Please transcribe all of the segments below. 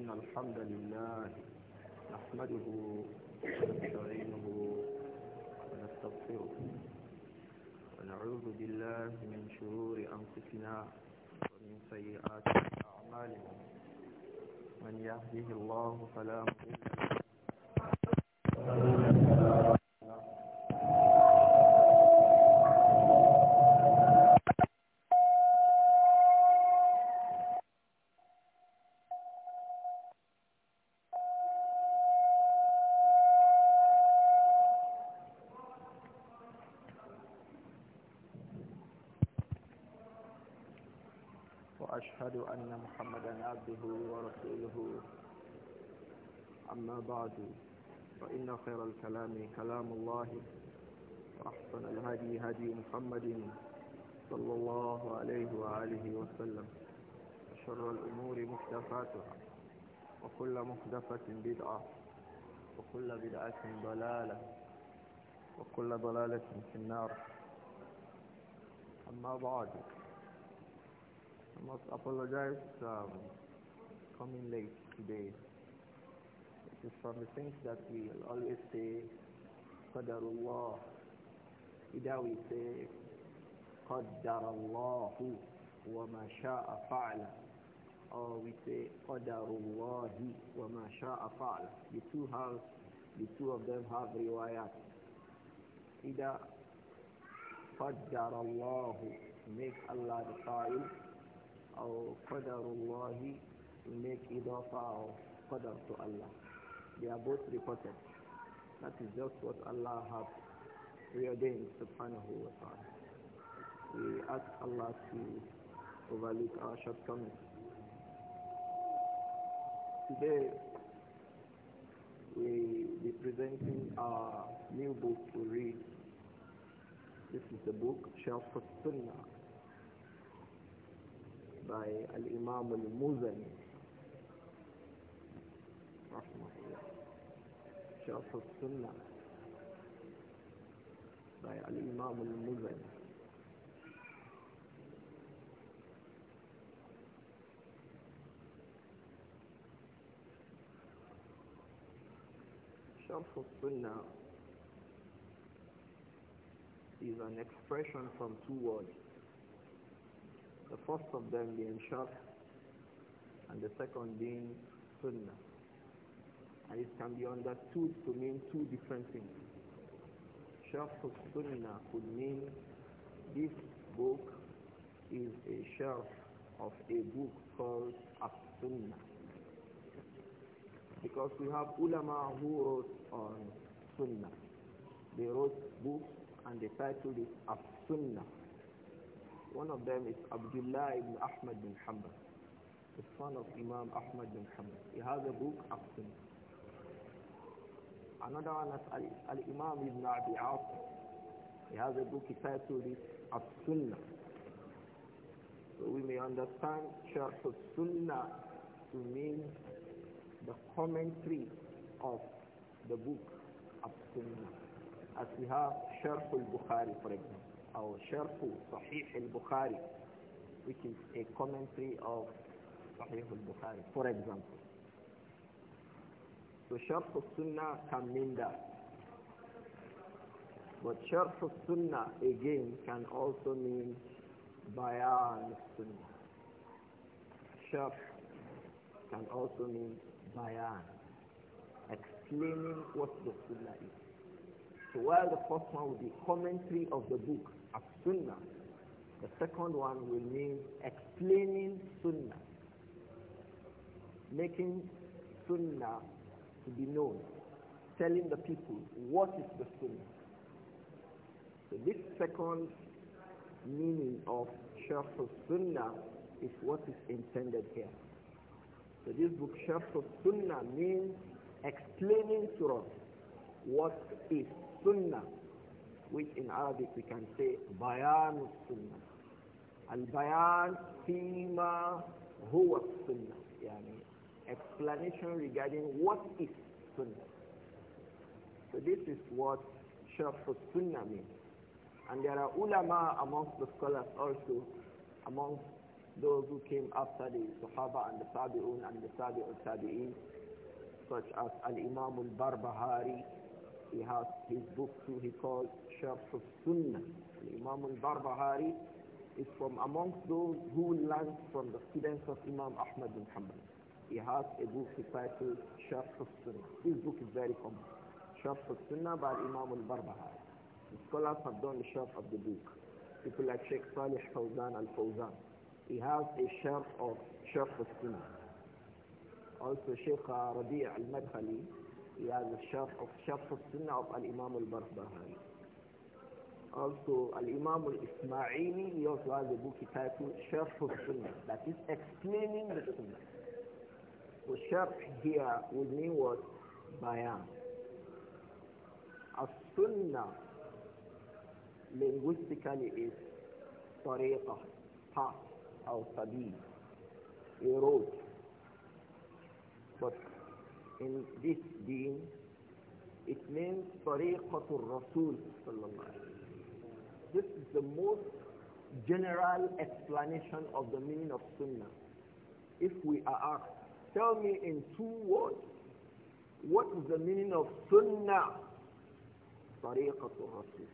إن الحمد لله نحمده ونستعينه ونستغفره ونعوذ بالله من شرور أنفسنا ومن سيئات أعمالنا من يهده الله فلا مضل له عبده ورسوله أما بعد فإن خير الكلام كلام الله وأحسن الهدي هدي محمد صلى الله عليه وآله وسلم وشر الأمور محدثاتها وكل محدثة بدعة وكل بدعة ضلالة وكل ضلالة في النار أما بعد I must apologize um, coming late today. This from the things that we always say, Qadar Allah. Ida we say, Qadar Allahu wa ma sha'a fa'ala. Or we say, Qadar Allahi wa ma sha'a fa'ala. The two have, the two of them have riwayat. Ida, Qadar Allahu, make Allah the Qa'il. Or Qadar Allahi, make idafa or qadar to Allah. They are both reported. That is just what Allah has preordained, subhanahu wa ta'ala. We ask Allah to overlook our shortcomings. Today, we be presenting our new book to read. This is the book, Shelf Sunnah by Al-Imam Al-Muzani. رحمه الله شرح السنة by الإمام المزني شرح السنة is an expression from two words. The first of them being sharh and the second being sunnah and it can be understood to mean two different things. of Sunnah could mean this book is a shelf of a book called As-Sunnah. Because we have ulama who wrote on Sunnah. They wrote books and the title is As-Sunnah. One of them is Abdullah ibn Ahmad bin Hanbal, the son of Imam Ahmad bin Hanbal. He has a book, As-Sunnah. Another one is Al-Imam Ibn Abi Asim. He has a book he to this As-Sunnah. So we may understand Sharh As-Sunnah to mean the commentary of the book As-Sunnah. As we have Sharh Al-Bukhari, for example, or Sharh Sahih Al-Bukhari, which is a commentary of Sahih Al-Bukhari, for example. So Sharh sunnah can mean that. But Sharh sunnah again can also mean Bayan Sunnah. Sharh can also mean Bayan, explaining what the Sunnah is. So while the first one will be commentary of the book, as Sunnah, the second one will mean explaining Sunnah, making Sunnah to be known, telling the people what is the sunnah. So this second meaning of Sharh sunnah is what is intended here. So this book, Sharh sunnah means explaining to us what is sunnah, which in Arabic we can say bayan sunnah. Al-bayan fima huwa sunnah. Yani explanation regarding what is sunnah. So this is what sharf sunnah means. And there are ulama amongst the scholars also, amongst those who came after the Sahaba and the Tabi'un and the Tabi'un Tabi'in, such as Al-Imam Al-Barbahari, he has his book too, he called Sharf Sunnah. Al-Imam Al-Barbahari is from amongst those who learned from the students of Imam Ahmad bin Hanbal. He has a book titled Sharh Sunnah. This book is very common. Sharh Sunnah by Imam al-Barbahari. The scholars have done the sharh of the book. People like Sheikh Salih Fawzan al-Fawzan. He has a sharh of Sharh Sunnah. Also Sheikh Rabi' al madhali he has a sharh of Sharh Sunnah of al-Imam al-Barbahari. Also, Al-Imam al-Ismaili, he also has a book titled Sharh Sunnah, that is explaining the Sunnah. So sharh here with mean what? Bayan. As-sunnah linguistically is tariqa path, or sabil, a road. But in this deen, it means tariqatul rasul This is the most general explanation of the meaning of sunnah. If we are asked Tell me in two words, what is the meaning of sunnah? Tariqatu Rasul,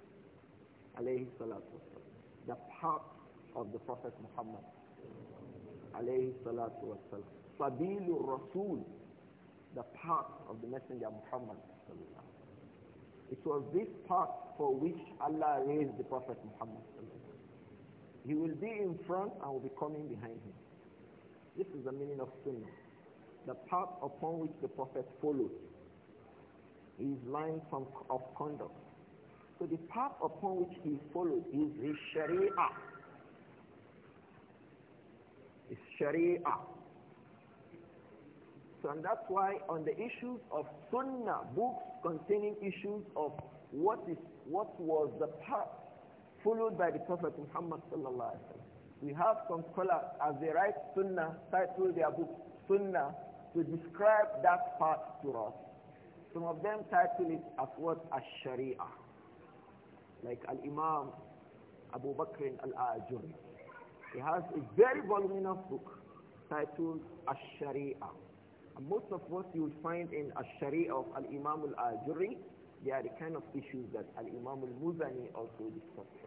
alayhi salatu The path of the Prophet Muhammad, alayhi salatu wasalam. Rasul, the path of the Messenger Muhammad, It was this path for which Allah raised the Prophet Muhammad. He will be in front and will be coming behind him. This is the meaning of sunnah the path upon which the Prophet followed, is line from, of conduct. So the path upon which he followed is his Sharia. His Sharia. So and that's why on the issues of Sunnah, books containing issues of what is what was the path followed by the Prophet Muhammad sallallahu alaihi wasallam. We have some scholars as they write Sunnah, title their book Sunnah to describe that part to us. Some of them title it as what as Sharia, like Al Imam Abu Bakr Al Ajuri. He has a very voluminous book titled As Sharia. And most of what you will find in As Sharia of Al Imam Al Ajuri, they are the kind of issues that Al Imam Al Muzani also discussed.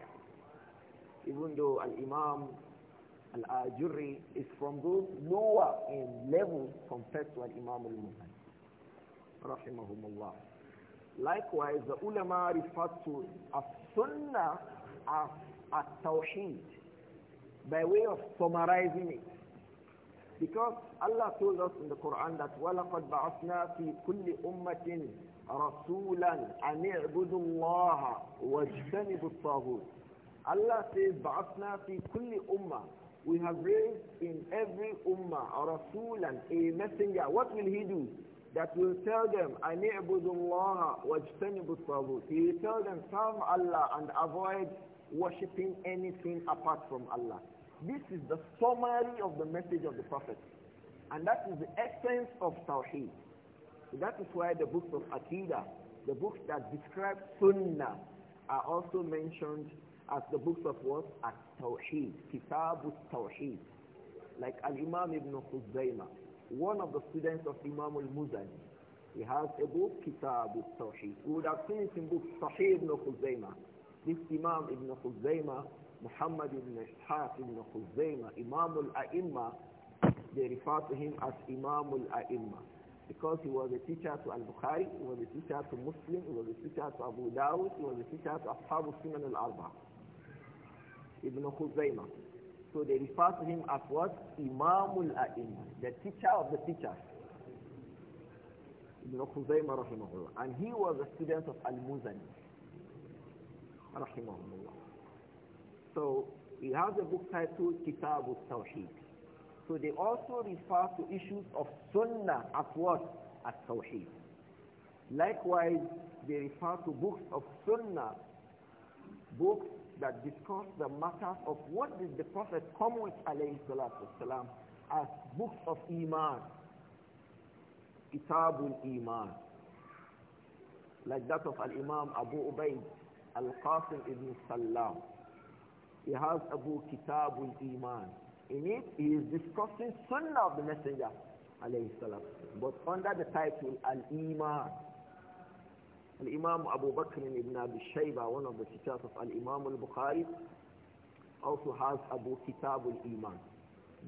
Even though Al Imam Al-Ajuri is from those lower in level compared to Al-Imam al-Muhajj. Rahimahumullah. Likewise, the ulama refer to a sunnah as a tawheed by way of summarizing it. Because Allah told us in the Quran that وَلَقَدْ بَعَثْنَا فِي كُلِّ أُمَّةٍ رَسُولًا أَنِ اعْبُدُوا اللَّهَ وَاجْتَنِبُوا الطَّاغُوتَ Allah says, بَعَثْنَا فِي كُلِّ أُمَّةٍ we have raised in every ummah a rasul and a messenger. What will he do? That will tell them, Ani'budullaha wajtanibu tawud. He will tell them, serve Allah and avoid worshipping anything apart from Allah. This is the summary of the message of the Prophet. And that is the essence of Tawheed. So that is why the books of Aqidah, the books that describe Sunnah, are also mentioned as the books of what? At-Tawheed, Kitab al-Tawheed. Like Al-Imam ibn Khuzaymah, one of the students of Imam al-Muzani, he has a book, Kitab al-Tawheed. We would have seen it in books Sahih ibn Khuzaymah. This Imam ibn Khuzaymah, Muhammad ibn Ishaq ibn Khuzaymah, Imam al-A'imma, they refer to him as Imam al-A'imma because he was a teacher to Al-Bukhari, he was a teacher to Muslim, he was a teacher to Abu Dawud, he was a teacher to Ashab Sunan al-Arba. Ibn Khuzaimah. So they refer to him as what? Imamul A'imah, the teacher of the teachers. Ibn Khuzaimah rahimahullah. And he was a student of Al-Muzani rahimahullah. So he has a book titled Kitab al-Tawheed. So they also refer to issues of Sunnah as what? As Tawheed. Likewise, they refer to books of Sunnah, books that discuss the matters of what did the Prophet come with alayhi salatu wasalam as books of Iman. Kitabul Iman. Like that of Al-Imam Abu Ubaid Al-Qasim ibn Salam. He has Abu Kitabul Iman. In it, he is discussing Sunnah of the Messenger alayhi But under the title Al-Iman. Al-Imam Abu Bakr ibn Abi Shayba, one of the teachers of Al-Imam al-Bukhari, also has Abu Kitab al-Iman.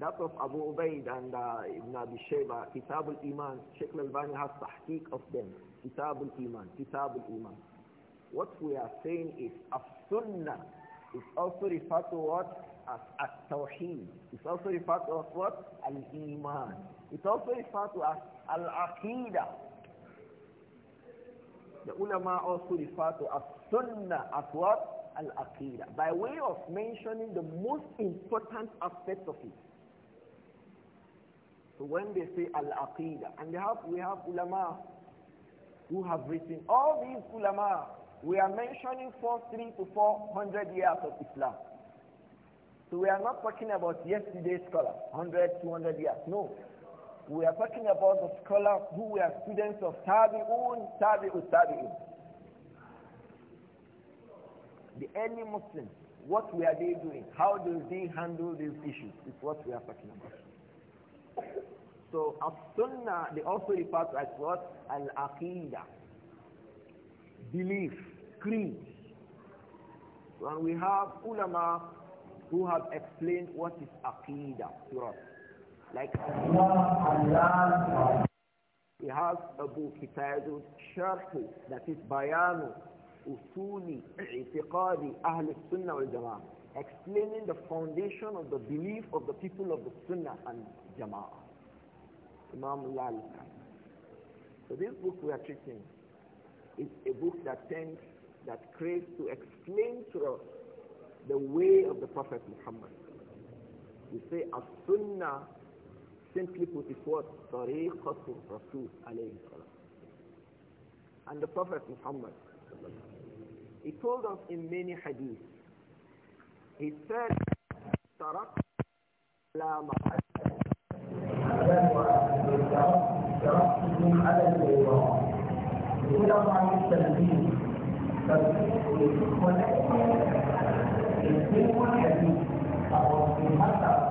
That of Abu Ubaid and uh, Ibn Abi Shayba, Kitab al-Iman, Sheikh al-Bani has tahqiq of them. Kitab al-Iman, Kitab al-Iman. What we are saying is as-Sunnah is also referred to what? As at-Tawheed. It's also referred to as what? Al-Iman. It's also referred to as Al-Aqidah. The ulama also refer to as sunnah as what? Al-aqidah. By way of mentioning the most important aspect of it. So when they say al-aqidah, and have, we have ulama who have written, all these ulama, we are mentioning for three to four hundred years of Islam. So we are not talking about yesterday's scholars, 100, 200 years. No, we are talking about the scholars who were students of Tabi'un, Tabi'ut Tabi'un. The early Muslims, what were they doing? How do they handle these issues? Is what we are talking about. So as-sunnah, they also refer to as what? Al-aqidah. Belief, creed. and we have ulama who have explained what is aqidah to us. Like he has a book titled Sharh that is Bayanu Usuli I'tiqadi Ahl Sunnah wal Jama'ah explaining the foundation of the belief of the people of the Sunnah and Jama'ah. Imam Lal. So this book we are treating is a book that tends, that craves to explain to us the way of the Prophet Muhammad. We say as-Sunnah Simply put, it's what? Tariqatul Rasul alayhi salam. And the Prophet Muhammad, he told us in many hadiths, he said, Tarak la Thank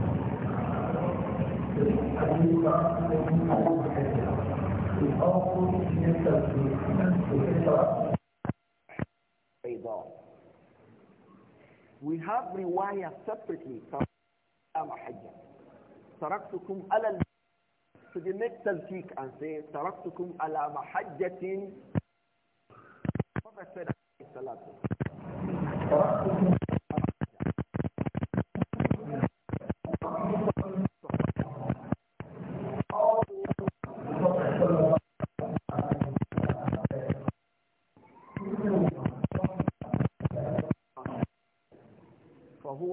We have riwayah separately from Hajjah. تركتكم على So they make talqiq and say, تركتكم على محجة Prophet said,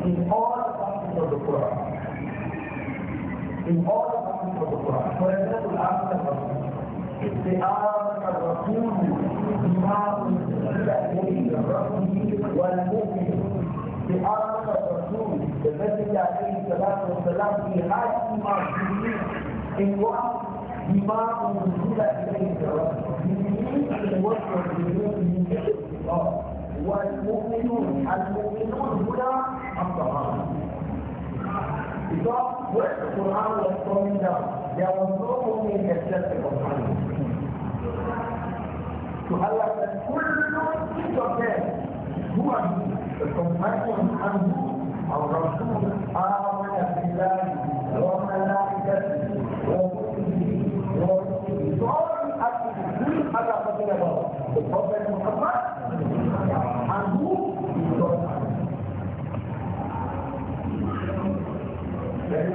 in all functions of the Quran. In all functions of the Quran. For example, after Rasul. If they are a Rasul, Imam, والمؤمن بأرض الرسول الذي عليه الصلاة والسلام في حاجة معصومين إن وقت بما أنزل إليه الرسول من وجه من الله والمؤمنون المؤمنون هنا الطهارة Because when the Quran was coming down, there was no movement except the companion. So Allah said, Kullu each of them, who are you? The companion and who? Our Rasul, So the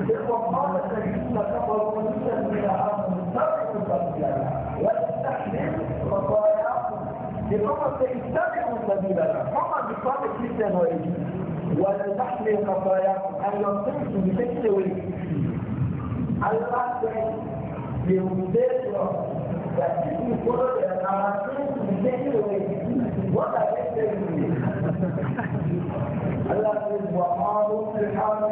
الكفار الذين كفروا كليا من عام تبعوا سبيلنا وتستحمل خطاياهم لفقط اتبعوا سبيلنا فقط بفرق كريستيان وإيجي ولا تحمل خطاياهم أن ينصرفوا بشكل وجه الله يمددهم تأتيهم كل العناصر بشكل وجه ولا يستجيب الله وقالوا في الحرم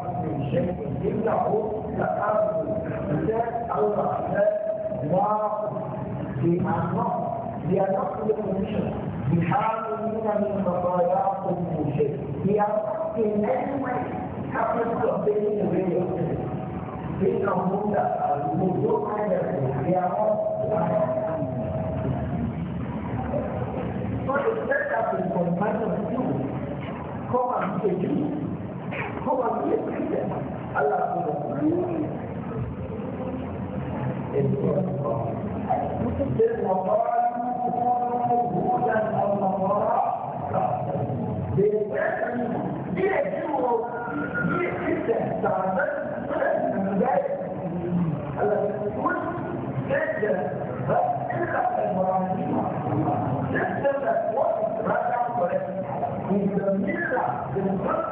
الشرع من شيء يمنعه تقابل الذات او الاخلاق وفي النقص لنقل الشرع بحاول من خطاياكم من شيء هي in any way happens to obtain the way of sin. These are moved up, moved up kind of things. They are all So it's set up in confinement to come and be a Jew. هو الله Thank you.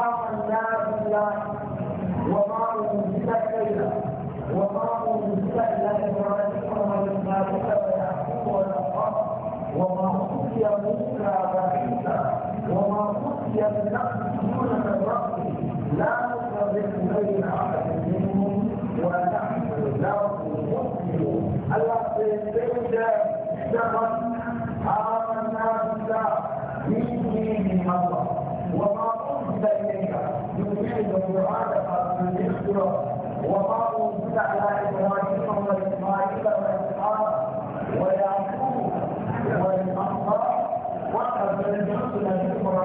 إلا وما أنزل إلينا وما أنزل إلى إبراهيم وإسماعيل ويعقوب والأسباط وما أوتي موسى وعيسى وما أوتي النبيون من ربه لا نفرق بين أحد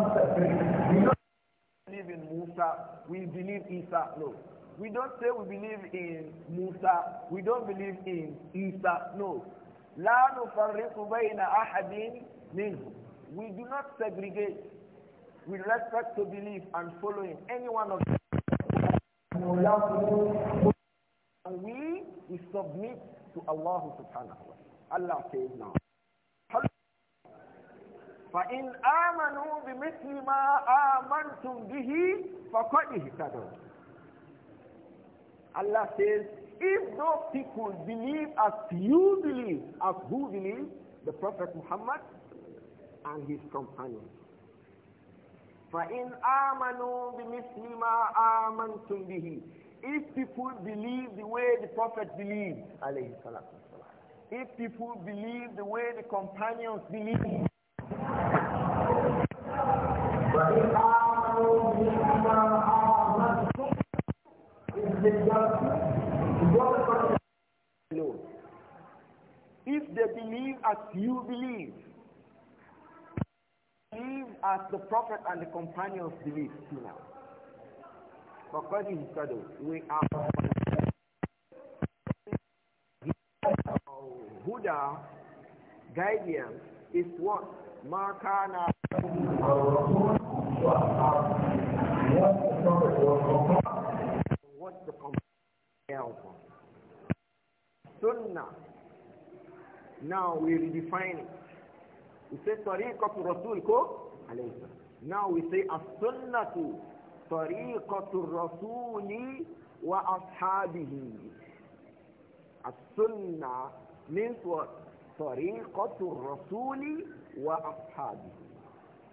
not We don't believe in Musa, we believe Isa. No. We don't say we believe in Musa, we don't believe in Isa. No. لا نفرق بين أحد منهم. We do not segregate We respect to belief and following any one of them. And we, we submit to Allah subhanahu wa ta'ala. Allah says now. فإن آمنوا بمثل ما آمنتم به فقد اهتدوا Allah says, if those people believe as you believe, as who believe? The Prophet Muhammad and his companions. فَإِنْ آمَنُوا بِمِثْلِ مَا آمَنْتُمْ بِهِ If people believe the way the Prophet believed, alayhi salatu If people believe the way the companions believed, No. If they believe as you believe, believe as the Prophet and the companions believe till now. Because in shadow, we are Huda, guidance, is what? Makana. What the Prophet was the companion. Sunnah. Now we redefine it. We say tariqatu rasul ko Now we say as-sunnatu tariqatu rasuli wa ashabihi. As-sunnah means what? الرسول وأصحابه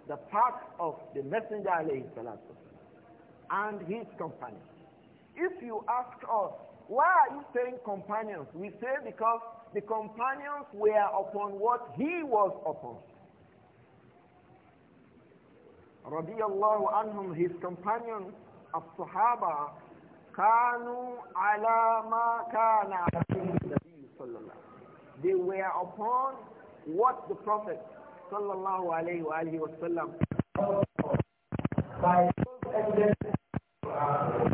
the path of the messenger عليه الصلاة and his companions if you ask us, why are you saying companions? We say because the companions were upon what he was upon. Radiallahu anhum, his companions of Sahaba, كانوا على ما كان النبي صلى الله عليه They were upon what the Prophet صلى الله عليه وآله وسلم by those evidences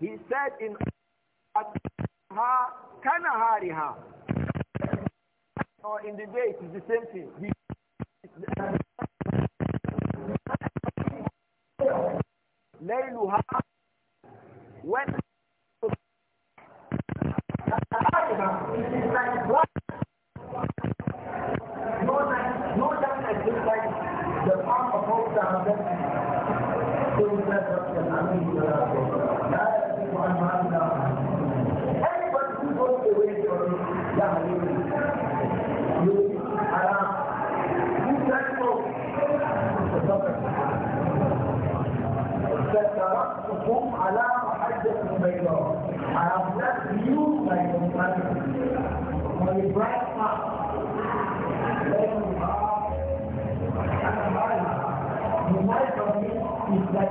He said in Kanahariha, or in the day, it is the same thing. He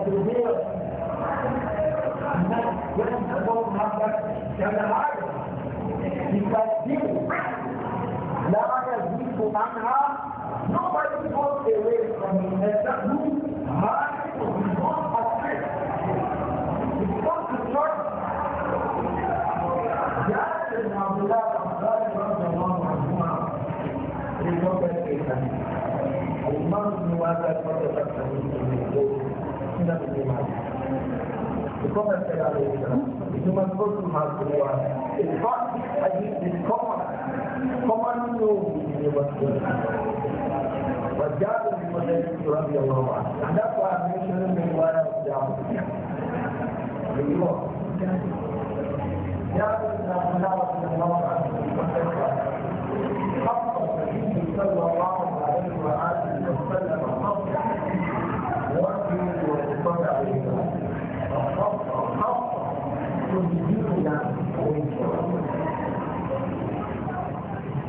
التنبيه من يحفظهم ربك كما عاد الإسلام الإيمان يكون السلام الإسلام You must go to house to one. It's not a it's common. Common to you must go. But Jabir is protected to Rabbi Allah. And that's why I'm mentioning the word of Jabir. You know. Jabir is not allowed to know what I'm saying. صلى الله عليه وآله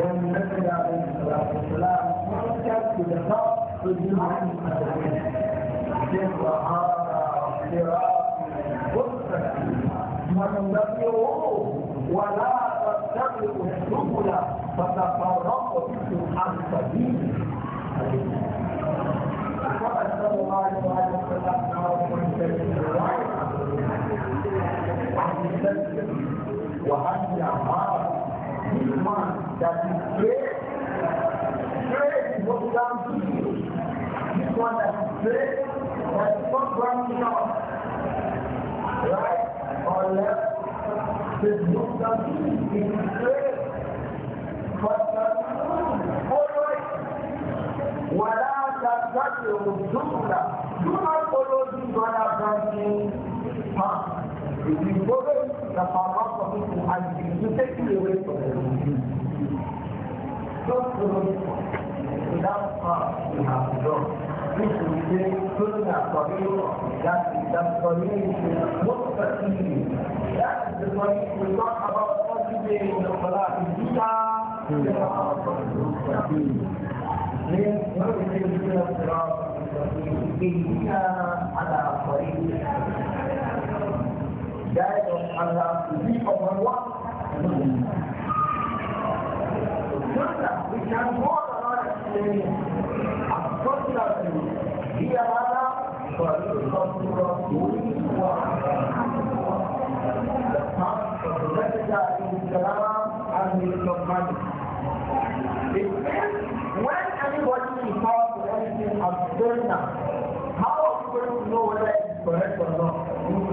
dan Nabi Alaihissalam mengangkat kudaha tujuan Jemaah Sirat Bursa Menunggu Wala Tetapi Usubula Fatafarraku Tuhan Sabih فقد صلى الله عليه وسلم قال من وعن عمار this man that is great, great is what comes to you. This one that is great, that is not branching out, right or left, this book comes to you. It is great, but that is always. ولا تتبعوا Do not follow these other branching paths. If you follow the path of you take me away from it. God promised us, without us, we have to go. We should be very good at for you, that is the formation of most of the people. That is the point we talk about all the day in the Quran, in Gita, we are all from the group of people. Then, what we say we do have to go from the group of people, in Gita, and our guide us and have to be one. So we can go around explaining as constantly here Allah for you to doing one. The task of the messenger is Salam and It means when anybody is called to anything as how are you going to know whether it is correct or not?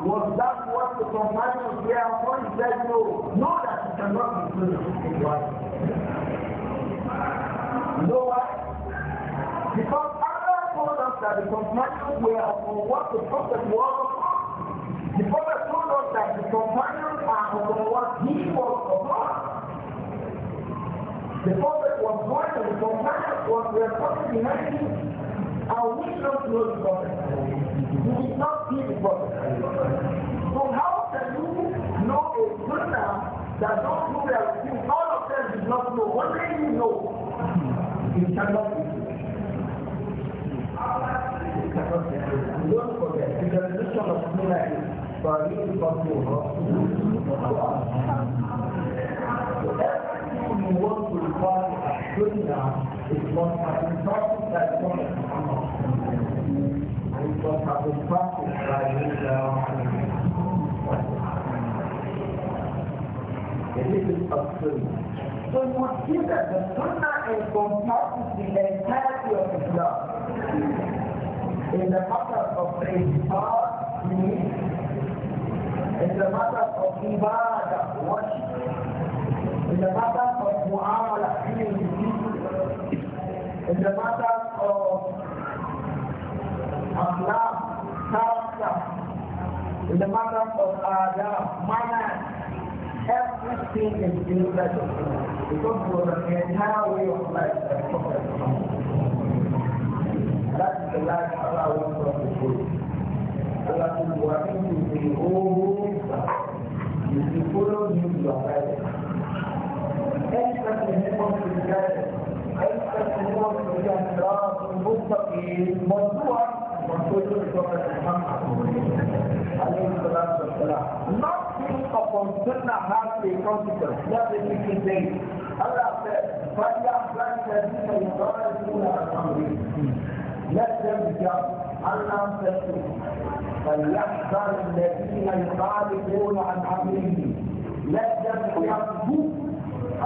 was that what the companions were for? He said, no, know that you cannot be doing You know why? Because Allah told us that the companions were upon what the Prophet was upon. The Prophet told us that the companions are for what he was upon. The Prophet was going and the companions was reporting behind him. and which not know the Prophet. You did not see the Prophet. So how can you know a sunnah that don't do their you, all of them did not know? What do you know? You cannot be. Don't forget, the definition of sunnah is for you to control. So everything you want to require a sunnah it must have been practiced by Prophet Muhammad. And it must have been practiced by Israel. This is a So you would see that the Sunnah encompasses the entirety of Islam. In the matter of Ibar, in the matter of Ibadah, worship, in the matter of Mu'amalah, in the matter of Akhlaq, character, in the matter of adab, manner, everything is included because for the entire way of life that Prophet That is the life Allah wants us to live. Allah says, وَإِنْ تُطِيعُوهُ You follow him, you are guided. Any person who wants to be guided أنت الإمام الإسلام المتقين موضوع موضوع محمد عليه الصلاة والسلام Nothing upon sunnah has a consequence. That is the day. Allah said, فَلْيَحْزَنْ الَّذِينَ يخالفون عَنْ أَمْرِهِ Let them be Allah الَّذِينَ يُخَالِفُونَ عَنْ أَمْرِهِ Let them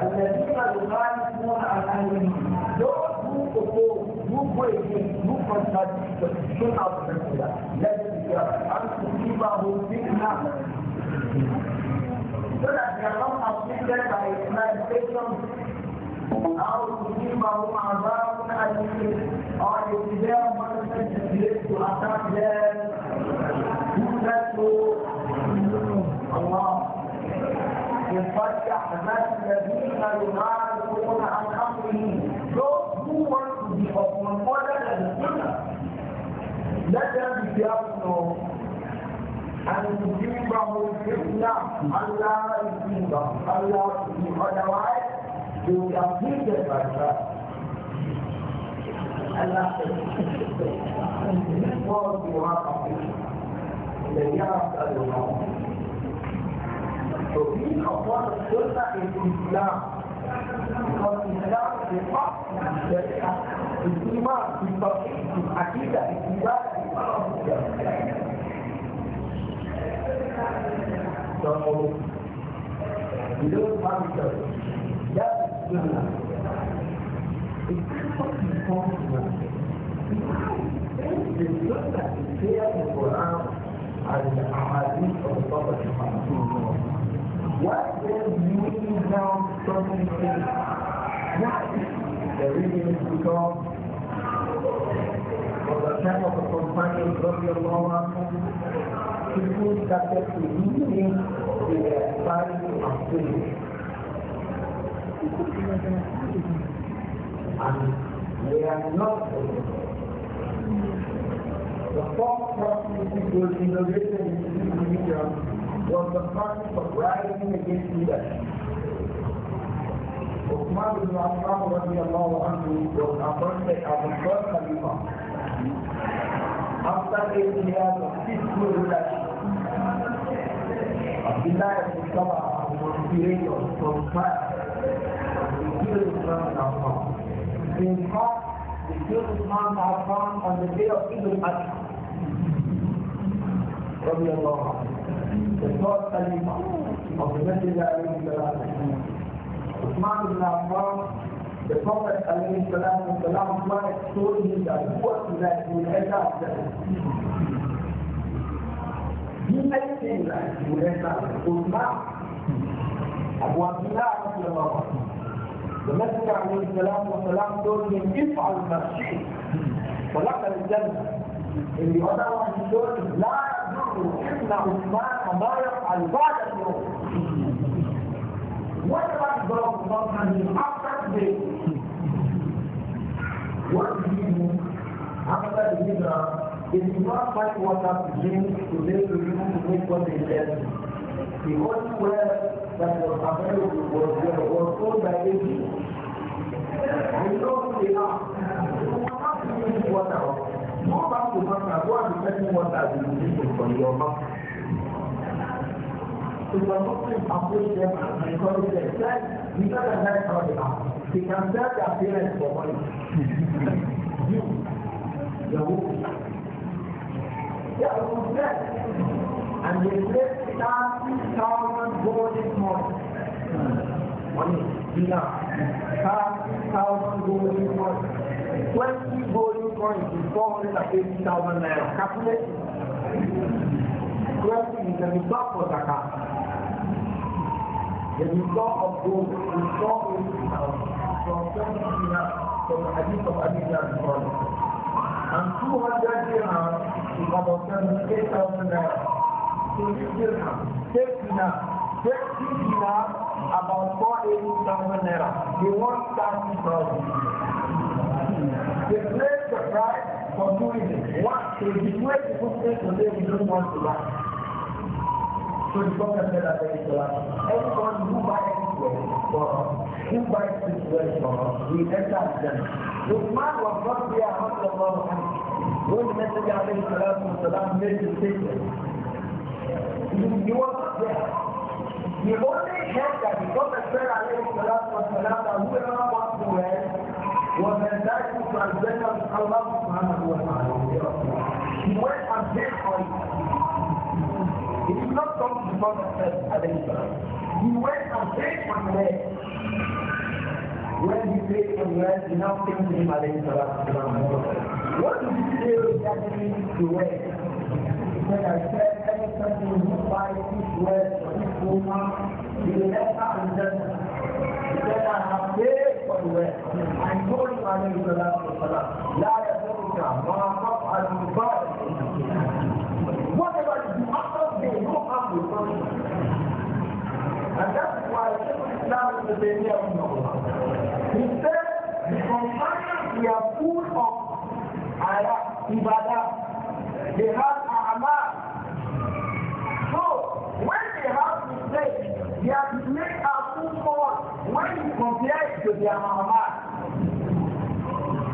الذين يخالفون عن أهلهم those who oppose, who question, who contract the sunnah of the Messenger, let them be and to keep our whole thing now. So that they are not afflicted by manifestation أو تصيبهم عذاب أليم أو يصيبهم مرة تجلس أثار لا قد أحببت الذين ينافقون عن أمره those who want to be upon other than the sinner let them be careful أن يصيبه الفتنة ألا يصيبه ألا يصيبه otherwise they will be afflicted by that الذي يعرف الموت توحيد أقوال السنة الإسلام الإسلام في الحق في الشريعة في الإيمان في التوحيد في العقيدة في الإبادة في الله So, you don't have to tell me. That is good enough. It's good for people to know. Why? Because the Quran and the Ahadith of the Prophet Muhammad. What is does now something is? What is the reason because for the time of the companion of your Lord, people started to believe in the value of things, And we are not the fourth person who will innovate in this religion was the person of rising against Judah. Uthman ibn Affan radiallahu anhu was appointed as the first Khalifa. After eight years of peaceful relations, Abdullah ibn Saba was created from fire and he killed Uthman In fact, the killed Uthman ibn Affan on the day of Eid al-Adha. رضي الله عنه الصوت خليفة او في الله عليه السلام عثمان بن عفان بفضل عليه السلام والسلام عثمان اكتور من ذلك وقت ذلك من عيسى عثمان دي ميتين ذلك من عيسى عثمان أبو عبد الله رضي الله عنه بمسك عليه السلام والسلام دول من يفعل الشيء ولقى الجنة اللي وضعه عن الدول لا يرضى يمنع What about God sometimes after the What do you do after the dinner? not water to drink to make to make what they said, the only that was available was there was sold by Egypt. We know who they are. We will not drink water. Go back to Mecca, go be drinking water your muscles. So your muscles approach them and encourage them. Like, you know that how they are. They can sell their parents for money. you, the woman. They are obsessed. And they place 30,000 gold this Money, dinar. 30,000 gold this 20 golden coins is 480,000 naira. Calculate Christ is a result for zakat. The result of those who saw it from seventy dinars from the hadith of Abi Dhar and 200 dirhams is about 78,000 naira. So this dirham, take dinar, take this dinar about 480,000 naira. They want 30,000. They place the price for doing this. What they regret the footsteps today don't want to last. So the Prophet said that there is a Everyone who buys well for us, who buys this well for us, we enter This man was not there after Allah When the Messenger of Allah made the statement, he was not there. The only help that the Prophet said that not want to wear was that? and rendered Allah subhanahu wa ta'ala. He went and paid for it. It did not come to the Prophet He went and paid for the leg. When he paid for the leg, he now came to him alayhi What did he say regarding the leg? said, I said, any person who buys this word for this woman, he will enter and He said, I have paid for the leg. I told عليه والسلام لا ما تفعل Whatever you after they no And that's why Islam is the premier of Allah. He said, the companions are full of ayah, ibadah. They have amal. So, when they have mistakes, their mistakes are too small when you compare it to their amal.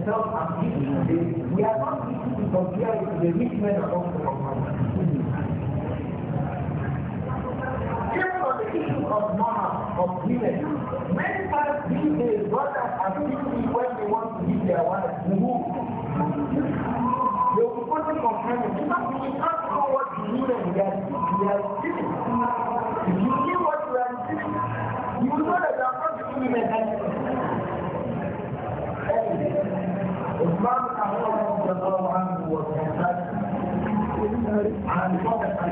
themselves as people today, we are not people to compare with the rich men among the on the issue of normal, of women, many times these days, brothers are thinking when they want to give their wives, who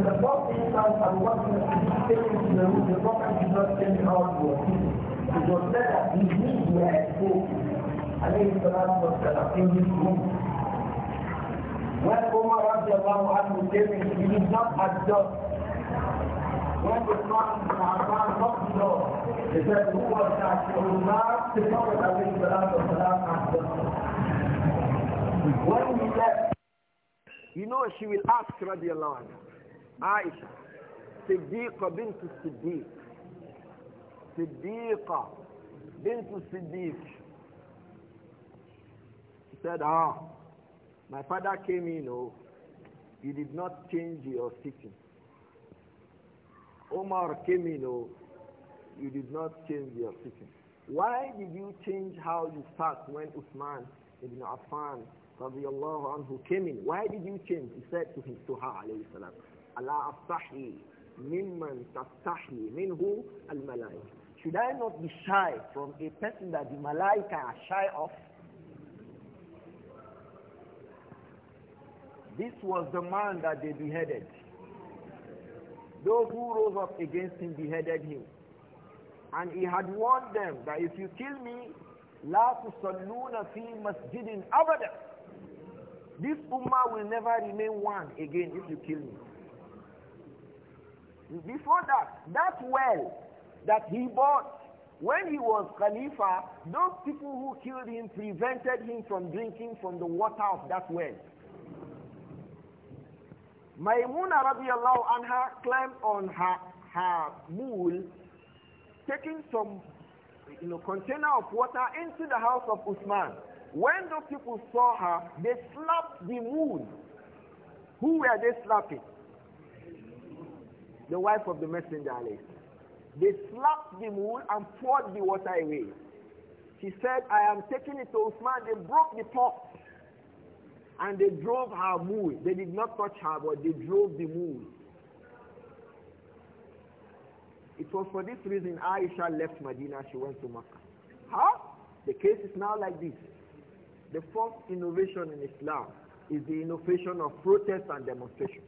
in the first instance, and what is taken to the root, the prophet did not tell how it was. It was said that his needs were exposed. Alayhi that was in his room. When Umar radiallahu anhu came in, he did not adjust. When the Prophet Muhammad knocked the door, he said, who was that? Umar, the Prophet alayhi salatu was salam When he left, you know she will ask radiallahu anhu. Aisha, Siddiqa bint Siddiq, Siddiqa bint Siddiq. She said, ah, my father came in, oh, you did not change your sitting. Omar came in, oh, you did not change your sitting. Why did you change how you sat when Uthman ibn Affan radiallahu anhu came in? Why did you change? He said to him, to her, alayhi salam, Allah astahi mimman tastahi minhu al malaik. Should I not be shy from a person that the malaika are shy of? This was the man that they beheaded. Those who rose up against him beheaded him. And he had warned them that if you kill me, لا تصلون fi masjidin أبدا. This ummah will never remain one again if you kill me. Before that, that well that he bought when he was Khalifa, those people who killed him prevented him from drinking from the water of that well. Maimuna radiallahu anha climbed on her, her mule, taking some you know, container of water into the house of Usman. When those people saw her, they slapped the mule. Who were they slapping? the wife of the messenger, they slapped the mule and poured the water away. She said, I am taking it to Usman. They broke the pot. And they drove her mule. They did not touch her, but they drove the mule. It was for this reason Aisha left Medina. She went to Makkah. Huh? The case is now like this. The first innovation in Islam is the innovation of protest and demonstration.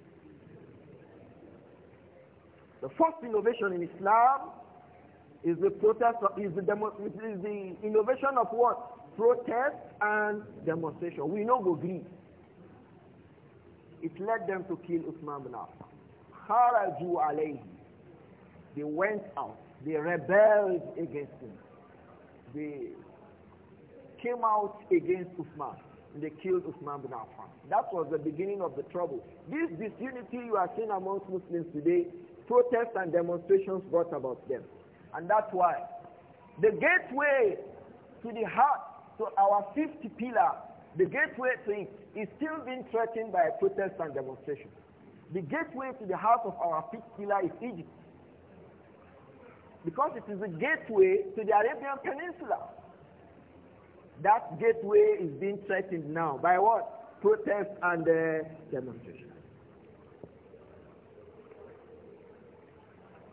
The first innovation in Islam is the protest, is the, demo, is the innovation of what? Protest and demonstration. We know go agree. It led them to kill Uthman bin Affan. Kharaju alayhi. They went out. They rebelled against him. They came out against Uthman. They killed Uthman bin Affan. That was the beginning of the trouble. This disunity you are seeing amongst Muslims today protests and demonstrations brought about them. And that's why the gateway to the heart, to our fifth pillar, the gateway to it is still being threatened by protests and demonstrations. The gateway to the heart of our fifth pillar is Egypt. Because it is the gateway to the Arabian Peninsula. That gateway is being threatened now by what? Protests and uh, demonstrations.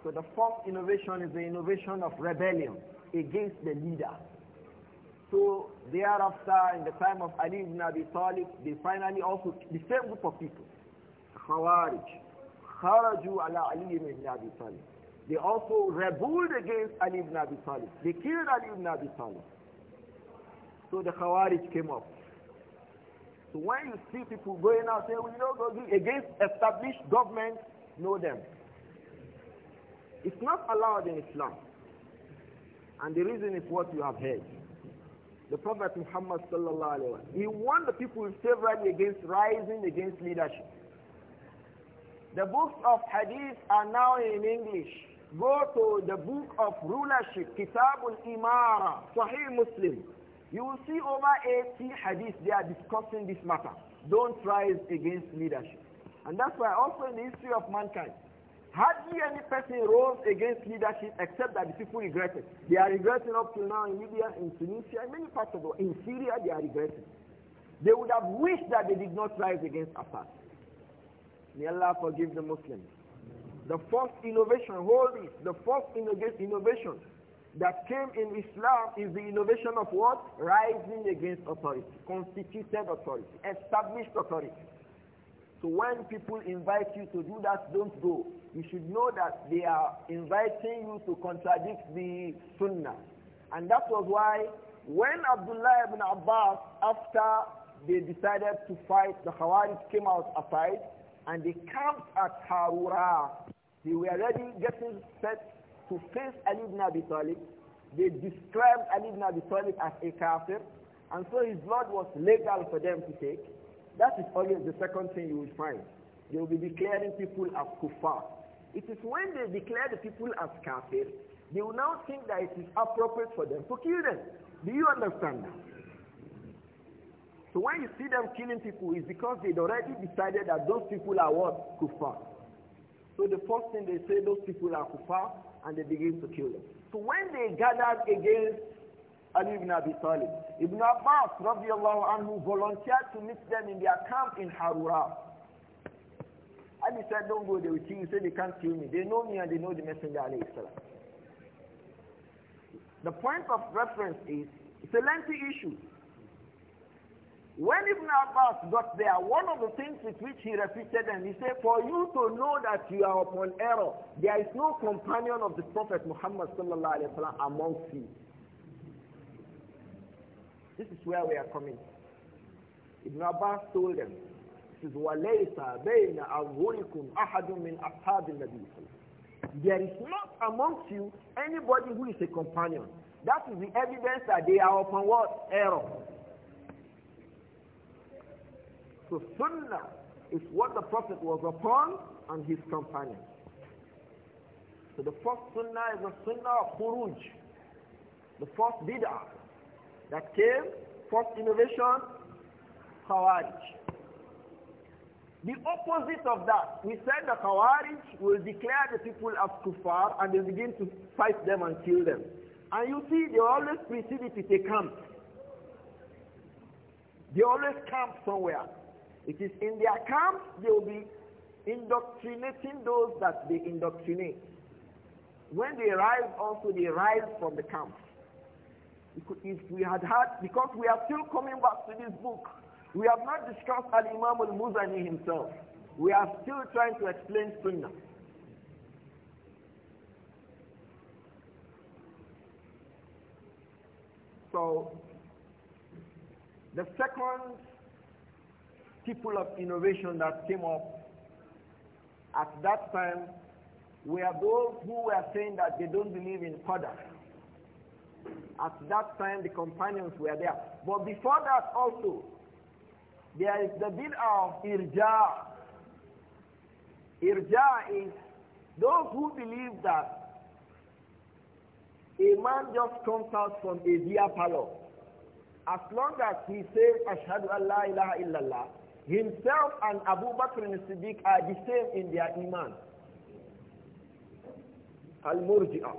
So the fourth innovation is the innovation of rebellion against the leader. So thereafter, in the time of Ali ibn Abi Talib, they finally also, the same group of people, Khawarij, Kharaju ala Ali ibn Abi Talib. They also rebelled against Ali ibn Abi Talib. They killed Ali ibn Abi Talib. So the Khawarij came up. So when you see people going out saying, we don't go against established government, know them. It's not allowed in Islam. And the reason is what you have heard. The Prophet Muhammad sallallahu alaihi wasallam, he warned the people severally against rising against leadership. The books of hadith are now in English. Go to the book of rulership, Kitabul Imara, Sahih Muslim. You will see over 80 hadiths they are discussing this matter. Don't rise against leadership. And that's why also in the history of mankind, Hardly any person rose against leadership except that the people regretted. They are regretting up till now in Libya, in Tunisia, in many parts of the world. In Syria, they are regretting. They would have wished that they did not rise against Assad. May Allah forgive the Muslims. The first innovation, hold it, the first innovation that came in Islam is the innovation of what? Rising against authority, constituted authority, established authority. So when people invite you to do that, don't go. You should know that they are inviting you to contradict the sunnah. And that was why when Abdullah ibn Abbas, after they decided to fight, the Khawarij came out a fight, and they camped at Harura. They were already getting set to face Ali ibn Abi Talib. They described Ali ibn Abi Talib as a kafir and so his blood was legal for them to take. That is always the second thing you will find. They will be declaring people as kuffar. It is when they declare the people as kafir, they will now think that it is appropriate for them to kill them. Do you understand that? So when you see them killing people, it's because they'd already decided that those people are what? Kuffar. So the first thing they say, those people are kuffar, and they begin to kill them. So when they gathered against Ali ibn Abi Talib. Ibn Abbas radiallahu anhu volunteered to meet them in their camp in Harura. Ali said, don't go there with you. He said, they can't kill me. They know me and they know the messenger, alayhi salam. The point of reference is, it's a lengthy issue. When Ibn Abbas got there, one of the things with which he repeated and he said, for you to know that you are upon error, there is no companion of the Prophet Muhammad sallallahu alayhi wa amongst you. This is where we are coming. Ibn Abbas told them, this is وَلَيْسَ بَيْنَ There is not amongst you anybody who is a companion. That is the evidence that they are upon what? Error. So sunnah is what the Prophet was upon and his companions. So the first sunnah is the sunnah of Quruj, The first bid'ah that came, from innovation, Khawarij. The opposite of that, we said the Khawarij will declare the people as Kufar and they begin to fight them and kill them. And you see, they always precede it with a camp. They always camp somewhere. It is in their camps they will be indoctrinating those that they indoctrinate. When they arrive, also, they arrive from the camps if we had had, because we are still coming back to this book, we have not discussed Al-Imam Al-Muzani himself. We are still trying to explain Sunnah. So, the second people of innovation that came up at that time were those who were saying that they don't believe in Qadar. At that time, the companions were there. But before that also, there is the bid'ah of irja. Irja is those who believe that a man just comes out from a beer As long as he says, Ashhadu Allah ilaha illallah, himself and Abu Bakr and Siddiq are the same in their iman. Al-Murji'ah.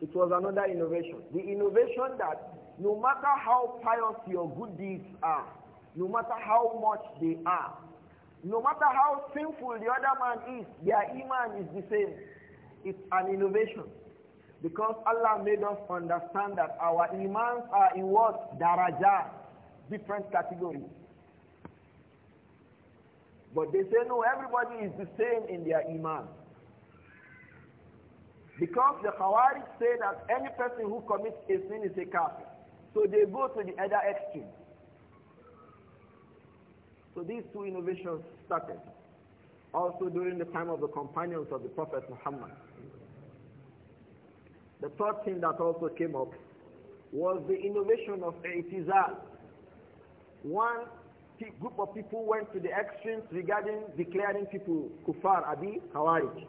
It was another innovation. The innovation that no matter how pious your good deeds are, no matter how much they are, no matter how sinful the other man is, their iman is the same. It's an innovation. Because Allah made us understand that our imams are in what? Daraja, different categories. But they say, no, everybody is the same in their iman. Because the Khawarij say that any person who commits a sin is a kafir. So they go to the other extreme. So these two innovations started also during the time of the companions of the Prophet Muhammad. The third thing that also came up was the innovation of Itizal. One group of people went to the extremes regarding declaring people kufar, abi, khawarij.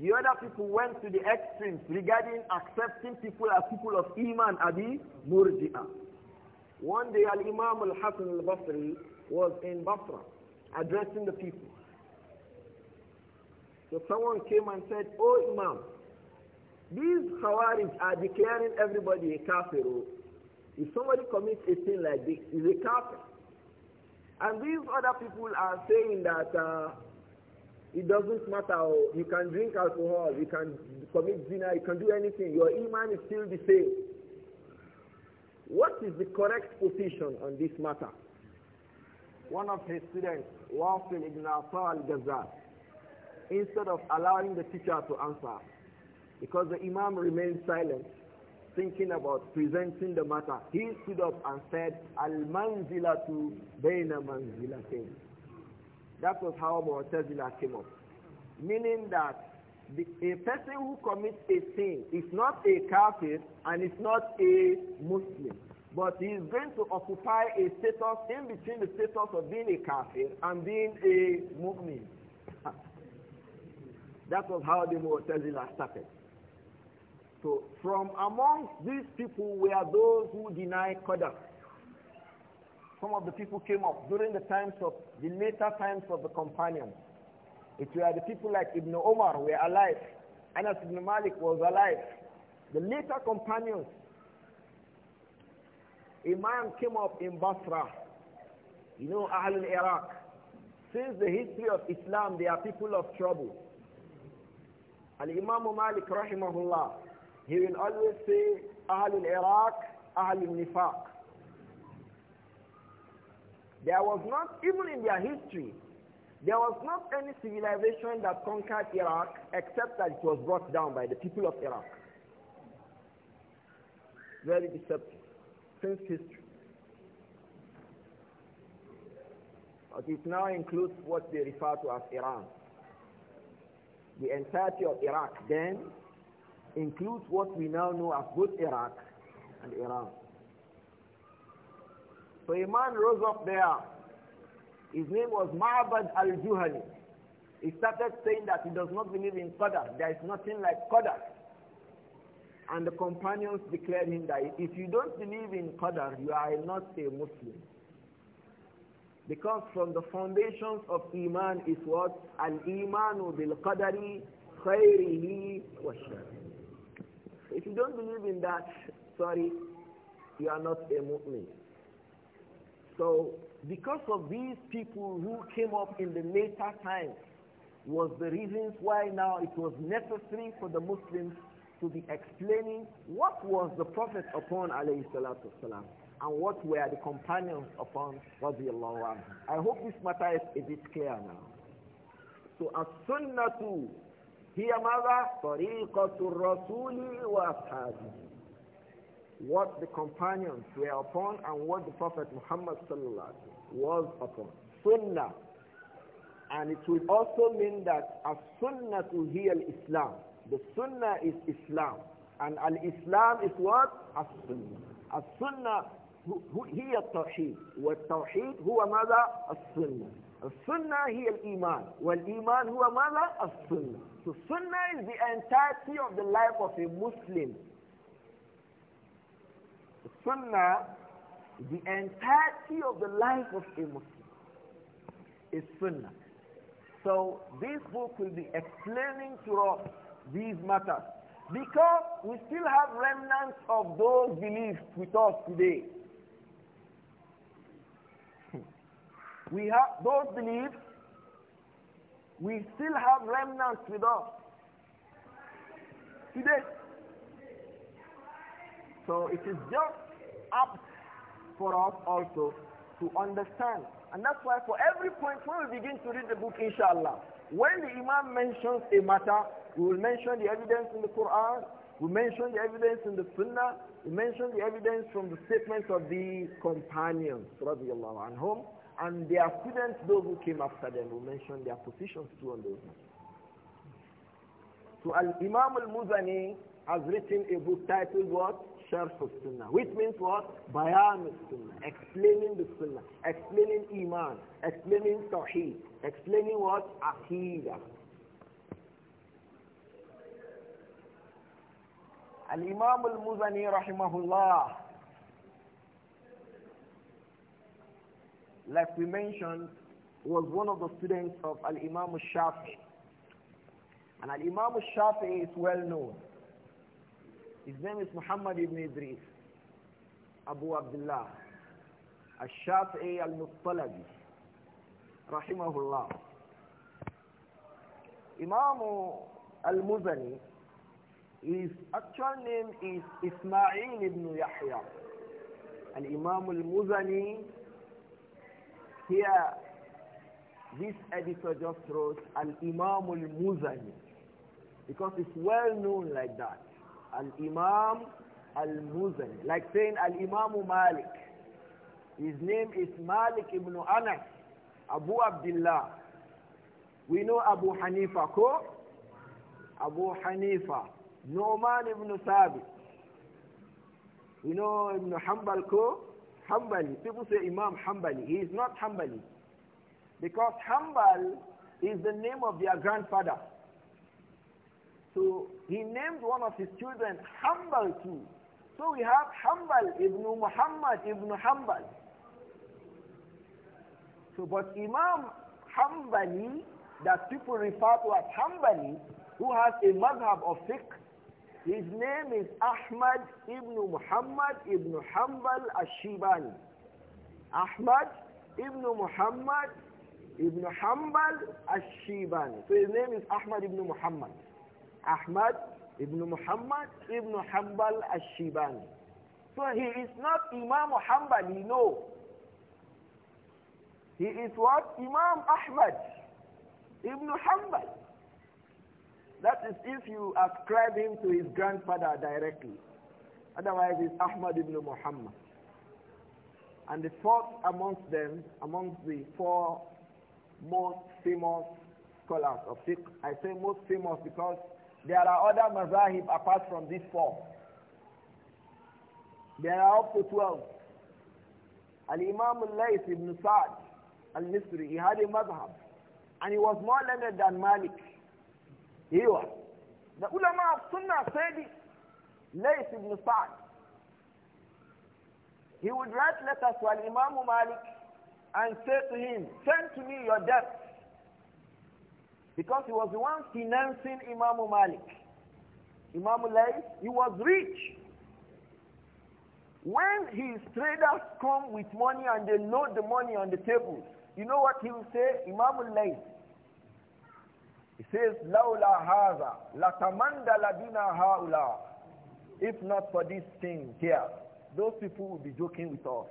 The other people went to the extremes regarding accepting people as people of Iman, Abi Murjia. One day Al-Imam Al-Hasan Al-Basri was in Basra addressing the people. So someone came and said, Oh Imam, these Khawarij are declaring everybody a kafir. If somebody commits a sin like this, he's a kafir. And these other people are saying that uh, it doesn't matter. Oh, you can drink alcohol, you can commit zina, you can do anything. Your iman is still the same. What is the correct position on this matter? One of his students, Wafil ibn Asar al-Ghazal, instead of allowing the teacher to answer, because the imam remained silent, thinking about presenting the matter, he stood up and said, Al-manzilatu bayna manzilatain. That was how Mu'tazila came up. Meaning that the, a person who commits a sin is not a kafir and is not a Muslim. But he is going to occupy a status in between the status of being a kafir and being a mu'min. that was how the Mu'tazila started. So from amongst these people were those who deny Qadar. Some of the people came up during the times of the later times of the companions. It were the people like Ibn Omar were alive. Anas ibn Malik was alive. The later companions. A man came up in Basra. You know, Ahlul Iraq. Since the history of Islam, they are people of trouble. Al-Imam Malik rahimahullah, he will always say, Ahlul Iraq, Ahlul Nifaq. There was not, even in their history, there was not any civilization that conquered Iraq except that it was brought down by the people of Iraq. Very deceptive. Since history. But it now includes what they refer to as Iran. The entirety of Iraq then includes what we now know as both Iraq and Iran. So a man rose up there. His name was Ma'bad al-Juhani. He started saying that he does not believe in Qadar. There is nothing like Qadar. And the companions declared him that if you don't believe in Qadar, you are not a Muslim. Because from the foundations of Iman is what? Al-Imanu bil-Qadari khayrihi wa If you don't believe in that, sorry, you are not a Muslim. So, because of these people who came up in the later times, was the reasons why now it was necessary for the Muslims to be explaining what was the Prophet upon alayhi salatu salam and what were the companions upon radiallahu anhu. I hope this matter is a bit clear now. So as-sunnatu hiya madha tariqatu rasuli wa ashabihi what the companions were upon and what the Prophet Muhammad was upon. Sunnah. And it will also mean that as sunnah to heal Islam. The sunnah is Islam. And al-Islam is what? As-sunnah. As-sunnah هي التوحيد والتوحيد هو ماذا السنة iman. هي iman والإيمان هو ماذا sunnah. so sunnah is the entirety of the life of a Muslim sunnah, the entirety of the life of a Muslim is sunnah. So this book will be explaining to us these matters because we still have remnants of those beliefs with us today. We have those beliefs, we still have remnants with us today. So it is just up for us also to understand. And that's why for every point when we begin to read the book, inshallah, when the Imam mentions a matter, we will mention the evidence in the Quran, we mention the evidence in the Sunnah, we mention the evidence from the statements of the companions, radiallahu anhum, and their students, those who came after them, we mention their positions too on those matters. So Al-Imam Al-Muzani has written a book titled what? Sharh Sunnah, which means what? Bayan Sunnah, explaining the Sunnah, explaining Iman, explaining Tawheed, explaining what? Aqidah. Al-Imam Al-Muzani rahimahullah, like we mentioned, was one of the students of Al-Imam Al-Shafi'i. And Al-Imam Al-Shafi'i is well known. His name is Muhammad ibn Idris, Abu Abdullah, Ash-Shafi'i al-Muttalabi, rahimahullah. Imam al-Muzani, his actual name is Ismail ibn Yahya. And Imam al-Muzani, here, this editor just wrote Al-Imam al-Muzani, because it's well known like that. Al-Imam Al-Muzani. Like saying Al-Imam Malik. His name is Malik ibn Anas, Abu Abdullah. We know Abu Hanifa ko? Abu Hanifa, Nu'man ibn Thabit. We know Ibn Hanbal ko? Hanbali. People say Imam Hanbali. He is not Hanbali. Because Hanbal is the name of their grandfather. So he named one of his children Hanbal too. So we have Hanbal ibn Muhammad ibn Hanbal. So but Imam Hanbali, that people refer to as Hanbali, who has a madhab of fiqh, his name is Ahmad ibn Muhammad ibn Hanbal al-Shibani. Ahmad ibn Muhammad ibn Hanbal al-Shibani. So his name is Ahmad ibn Muhammad. Ahmad ibn Muhammad ibn Hanbal al-Shibani. So he is not Imam you no. He is what? Imam Ahmad ibn Hanbal. That is if you ascribe him to his grandfather directly. Otherwise it's Ahmad ibn Muhammad. And the fourth amongst them, amongst the four most famous scholars of fiqh, I say most famous because there are other mazahib apart from these four. There are up to 12. Al-Imam al-Layth ibn Sa'd al-Misri, he had a mazhab. And he was more learned than Malik. He was. The ulama of Sunnah said it. Layth ibn Sa'd. He would write letters to Al-Imam Malik and say to him, send to me your death." Because he was the one financing Imam Malik. Imam Malik, he was rich. When his traders come with money and they load the money on the table, you know what he will say? Imam Malik. He says, Laula haza, latamanda ladina haula. If not for this thing here, those people will be joking with us.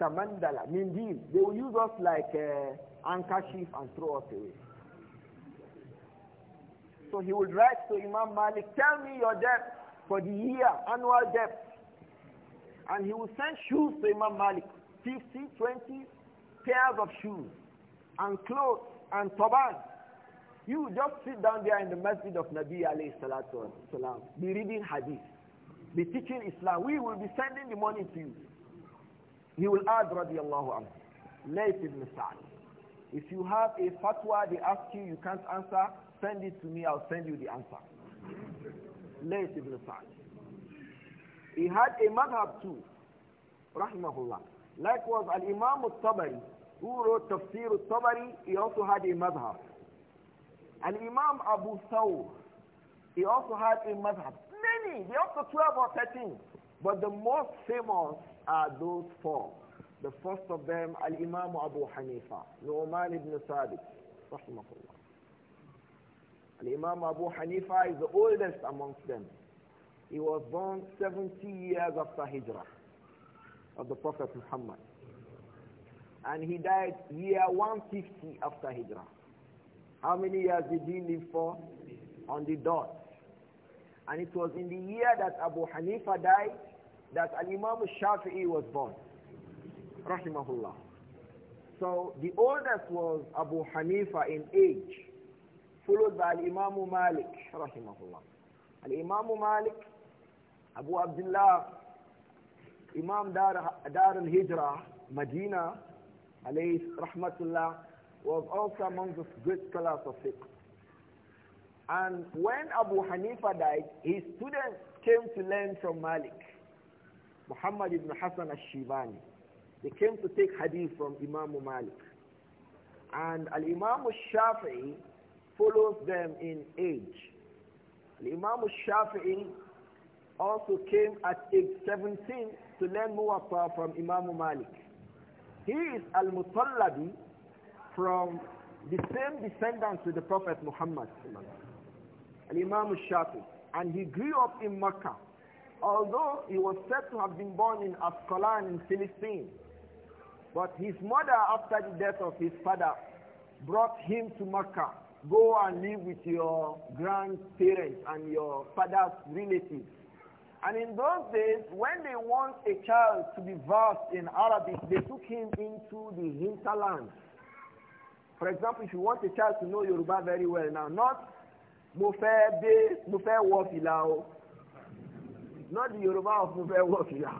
Tamandala, Mindil, they will use us like uh, anchor ship and throw us away. So he would write to Imam Malik, tell me your debt for the year, annual debt. And he would send shoes to Imam Malik, 50, 20 pairs of shoes, and clothes, and turban. You just sit down there in the masjid of Nabi alayhi salatu salam, be reading hadith, be teaching Islam. We will be sending the money to you. He will add radiallahu anhu, Layth ibn Sa'd. If you have a fatwa, they ask you, you can't answer, Send it to me, I'll send you the answer. Late Ibn Sa'd. He had a madhab too, rahimahullah. Likewise, Al-Imam al-Tabari, who wrote Tafsir al-Tabari, he also had a madhab. Al-Imam Abu Thawr, he also had a madhab. Many, they also 12 or 13. But the most famous are those four. The first of them, Al-Imam Abu Hanifa, Nu'man ibn Thabit, rahimahullah. Imam Abu Hanifa is the oldest amongst them. He was born 70 years after Hijrah of the Prophet Muhammad. And he died year 150 after Hijrah. How many years did he live for? On the dot. And it was in the year that Abu Hanifa died that imam Shafi'i was born. Rahimahullah. So the oldest was Abu Hanifa in age followed by Imam Malik, rahimahullah. Al Imam Malik, Abu Abdullah, Imam Dar, Dar al Hijrah, Medina, alayhi rahmatullah, was also among the great scholars of fiqh. And when Abu Hanifa died, his students came to learn from Malik, Muhammad ibn Hassan al-Shibani. They came to take hadith from Imam Malik. And Al-Imam al-Shafi'i follows them in age. The Imam Shafi'i also came at age 17 to learn Muwatta from Imam Malik. He is al-Mutallabi from the same descendants to the Prophet Muhammad, al-Imam Shafi'i. And he grew up in Mecca. Although he was said to have been born in Ascalon in Philistine, but his mother, after the death of his father, brought him to Mecca Go and live with your grandparents and your father's relatives. And in those days, when they want a child to be versed in Arabic, they took him into the hinterland. For example, if you want a child to know Yoruba very well now, not Mofe Be, Mofe not the Yoruba of Mofe Wofilao.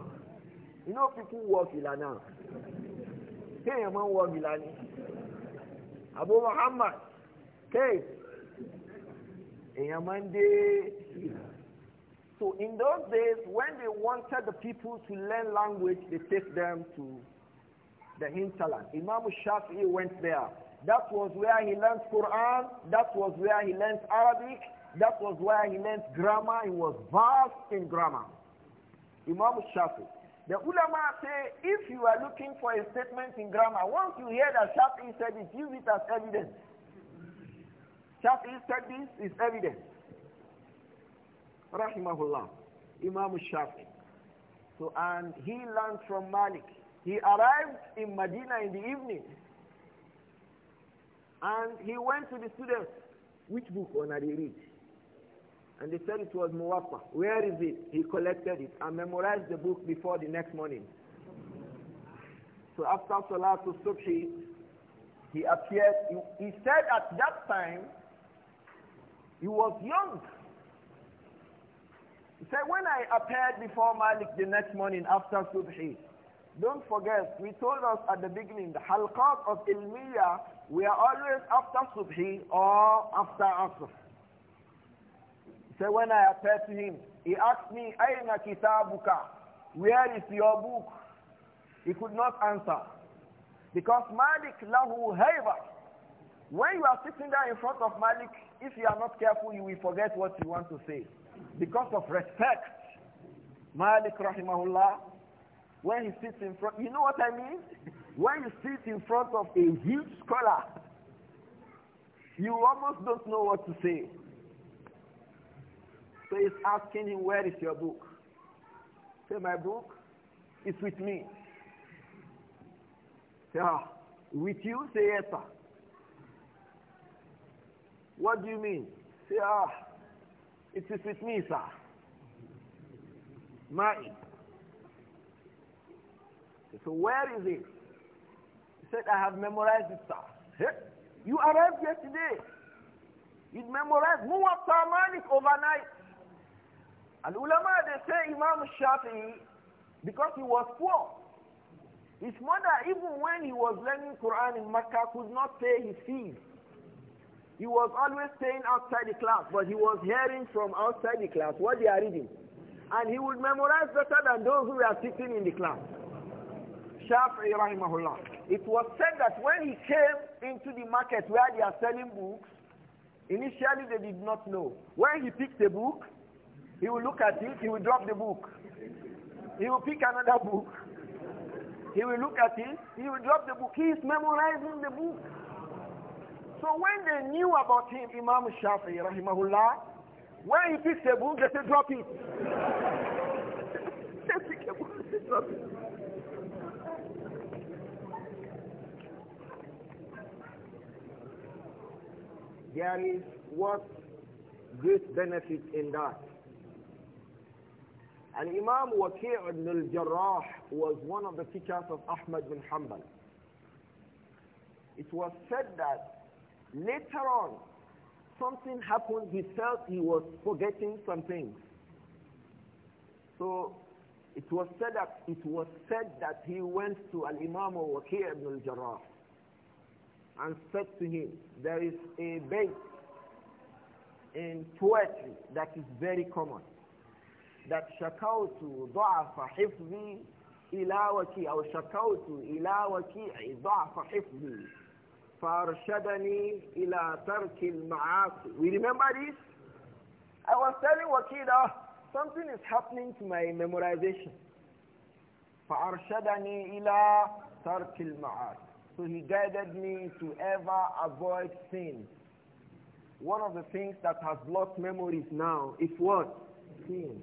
You know people Wofila now. Hey, man, Wofila ni. Abu Muhammad. Okay. So in those days, when they wanted the people to learn language, they take them to the hinterland. Imam Shafi went there. That was where he learned Quran. That was where he learned Arabic. That was where he learned grammar. He was vast in grammar. Imam Shafi. The ulama say, if you are looking for a statement in grammar, once you hear that Shafi said it, use it as evidence. Shafi'i said this is evident. Rahimahullah, Imam Shafi'i. So, and he learned from Malik. He arrived in Medina in the evening. And he went to the students. Which book on are they read? And they said it was Muwatta. Where is it? He collected it and memorized the book before the next morning. So after Salatul Subhi, he appeared. he said at that time, he was young. He said, when I appeared before Malik the next morning after Subhi, don't forget, we told us at the beginning, the halqat of Ilmiya, we are always after Subhi or after Asr. So when I appeared to him, he asked me, Aina kitabuka? Where is your book? He could not answer. Because Malik lahu hayba. When you are sitting there in front of Malik, if you are not careful, you will forget what you want to say. Because of respect, Malik rahimahullah, when he sits in front, you know what I mean? when you sit in front of a huge scholar, you almost don't know what to say. So he's asking him, where is your book? Say, my book is with me. Say, ah, with you? Say, yes, sir. What do you mean? Say, ah, it is with me, sir. My. So where is it? He said, I have memorized it, sir. you arrived yesterday. You memorized Muwatta Malik overnight. And ulama, they say Imam Shafi'i, because he was poor. His mother, even when he was learning Quran in Mecca could not pay his fees. He was always staying outside the class, but he was hearing from outside the class what they are reading. And he would memorize better than those who were sitting in the class. Shafi'i rahimahullah. It was said that when he came into the market where they are selling books, initially they did not know. When he picked a book, he would look at it, he would drop the book. He would pick another book. He will look at it, he will drop the book. He is memorizing the book. So when they knew about him, Imam Shafi'i, rahimahullah, when he picks a book, they say, drop it. they drop it. There is what great benefit in that. And Imam Waqi' ibn al-Jarrah was one of the teachers of Ahmad bin Hanbal. It was said that Later on, something happened. He felt he was forgetting some things. So it was said that it was said that he went to Al Imam Waqi' ibn al Jarrah and said to him, "There is a bait in poetry that is very common. That shakautu ضعف حفظي إلى وكي أو شكوت إلى وكيع ضعف حفظي فَأَرْشَدَنِي إِلَىٰ تَرْكِ We remember this? I was telling Wakida, ah, something is happening to my memorization. فَأَرْشَدَنِي إِلَىٰ تَرْكِ الْمَعَاصِ So he guided me to ever avoid sin. One of the things that has blocked memories now is what? Sin.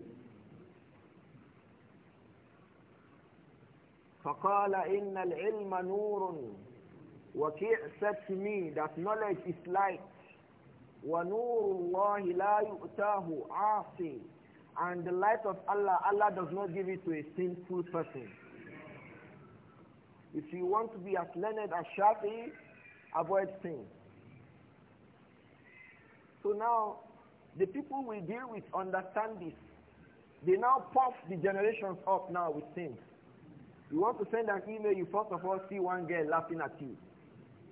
فقال إن العلم نور he said to me that knowledge is light. وَنُورُ اللَّهِ لَا يُؤْتَاهُ عاصي. And the light of Allah, Allah does not give it to a sinful person. If you want to be as learned as Shafi, avoid sin. So now, the people we deal with understand this. They now puff the generations up now with sin. You want to send an email, you first of all see one girl laughing at you.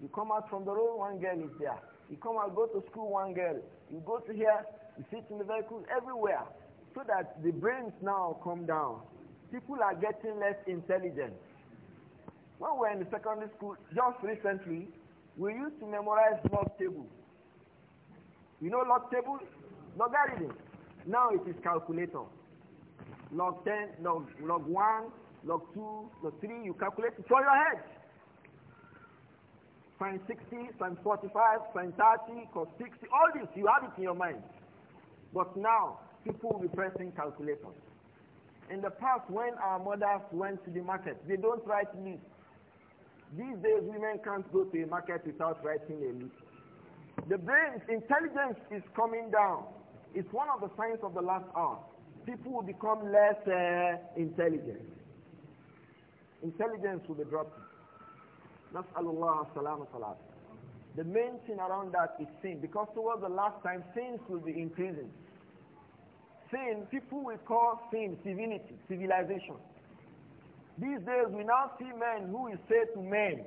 You come out from the road, one girl is there. You come out, go to school, one girl. You go to here, you sit in the vehicle, everywhere. So that the brains now come down. People are getting less intelligent. When we were in the secondary school, just recently, we used to memorize log table. You know log table? Logarithm. Now it is calculator. Log 10, log, log 1, log 2, log 3, you calculate it for your head. Psalm 60, Psalm 45, Psalm 30, cos 60, all this, you have it in your mind. But now, people will be pressing calculators. In the past, when our mothers went to the market, they don't write lists. These days, women can't go to a market without writing a list. The brain's intelligence is coming down. It's one of the signs of the last hour. People will become less uh, intelligent. Intelligence will be dropping. Nas'alullah salam salat. The main thing around that is sin because towards the last time sins will be increasing. Sin, people will call sin civility, civilization. These days we now see men who will say to men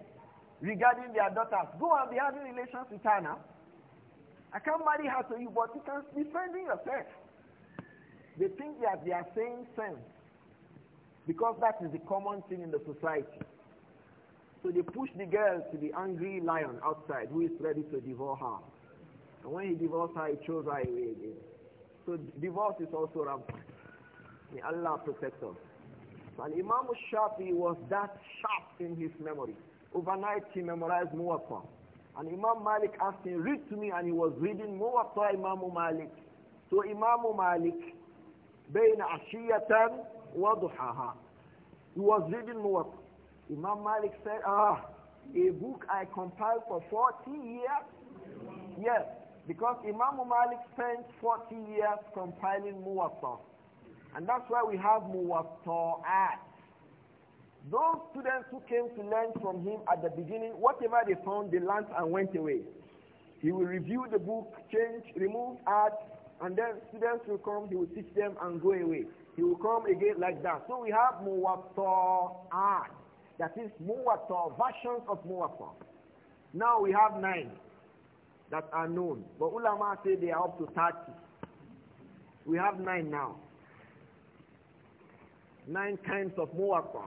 regarding their daughters, go and be having relations with her now. I can't marry her to you, but you can be defending yourself. They think that they are saying sin, because that is the common thing in the society. So they push the girl to the angry lion outside who is ready to devour her. And when he divorced her, he chose her away again. So divorce is also rampant. May Allah protect us. And Imam Shafi was that sharp in his memory. Overnight he memorized Muwatta. And Imam Malik asked him, read to me, and he was reading Muwatta Imam Malik. So Imam Malik, بين عشية وضحاها. He was reading Muwatta. Imam Malik said, ah, a book I compiled for 40 years? Yes, because Imam Malik spent 40 years compiling Muwatta. And that's why we have at. Those students who came to learn from him at the beginning, whatever they found, they learned and went away. He will review the book, change, remove, add, and then students will come, he will teach them and go away. He will come again like that. So we have at. That is Muwatta, versions of Muwatta. Now we have nine that are known. But ulama say they are up to 30. We have nine now. Nine kinds of Muwatta.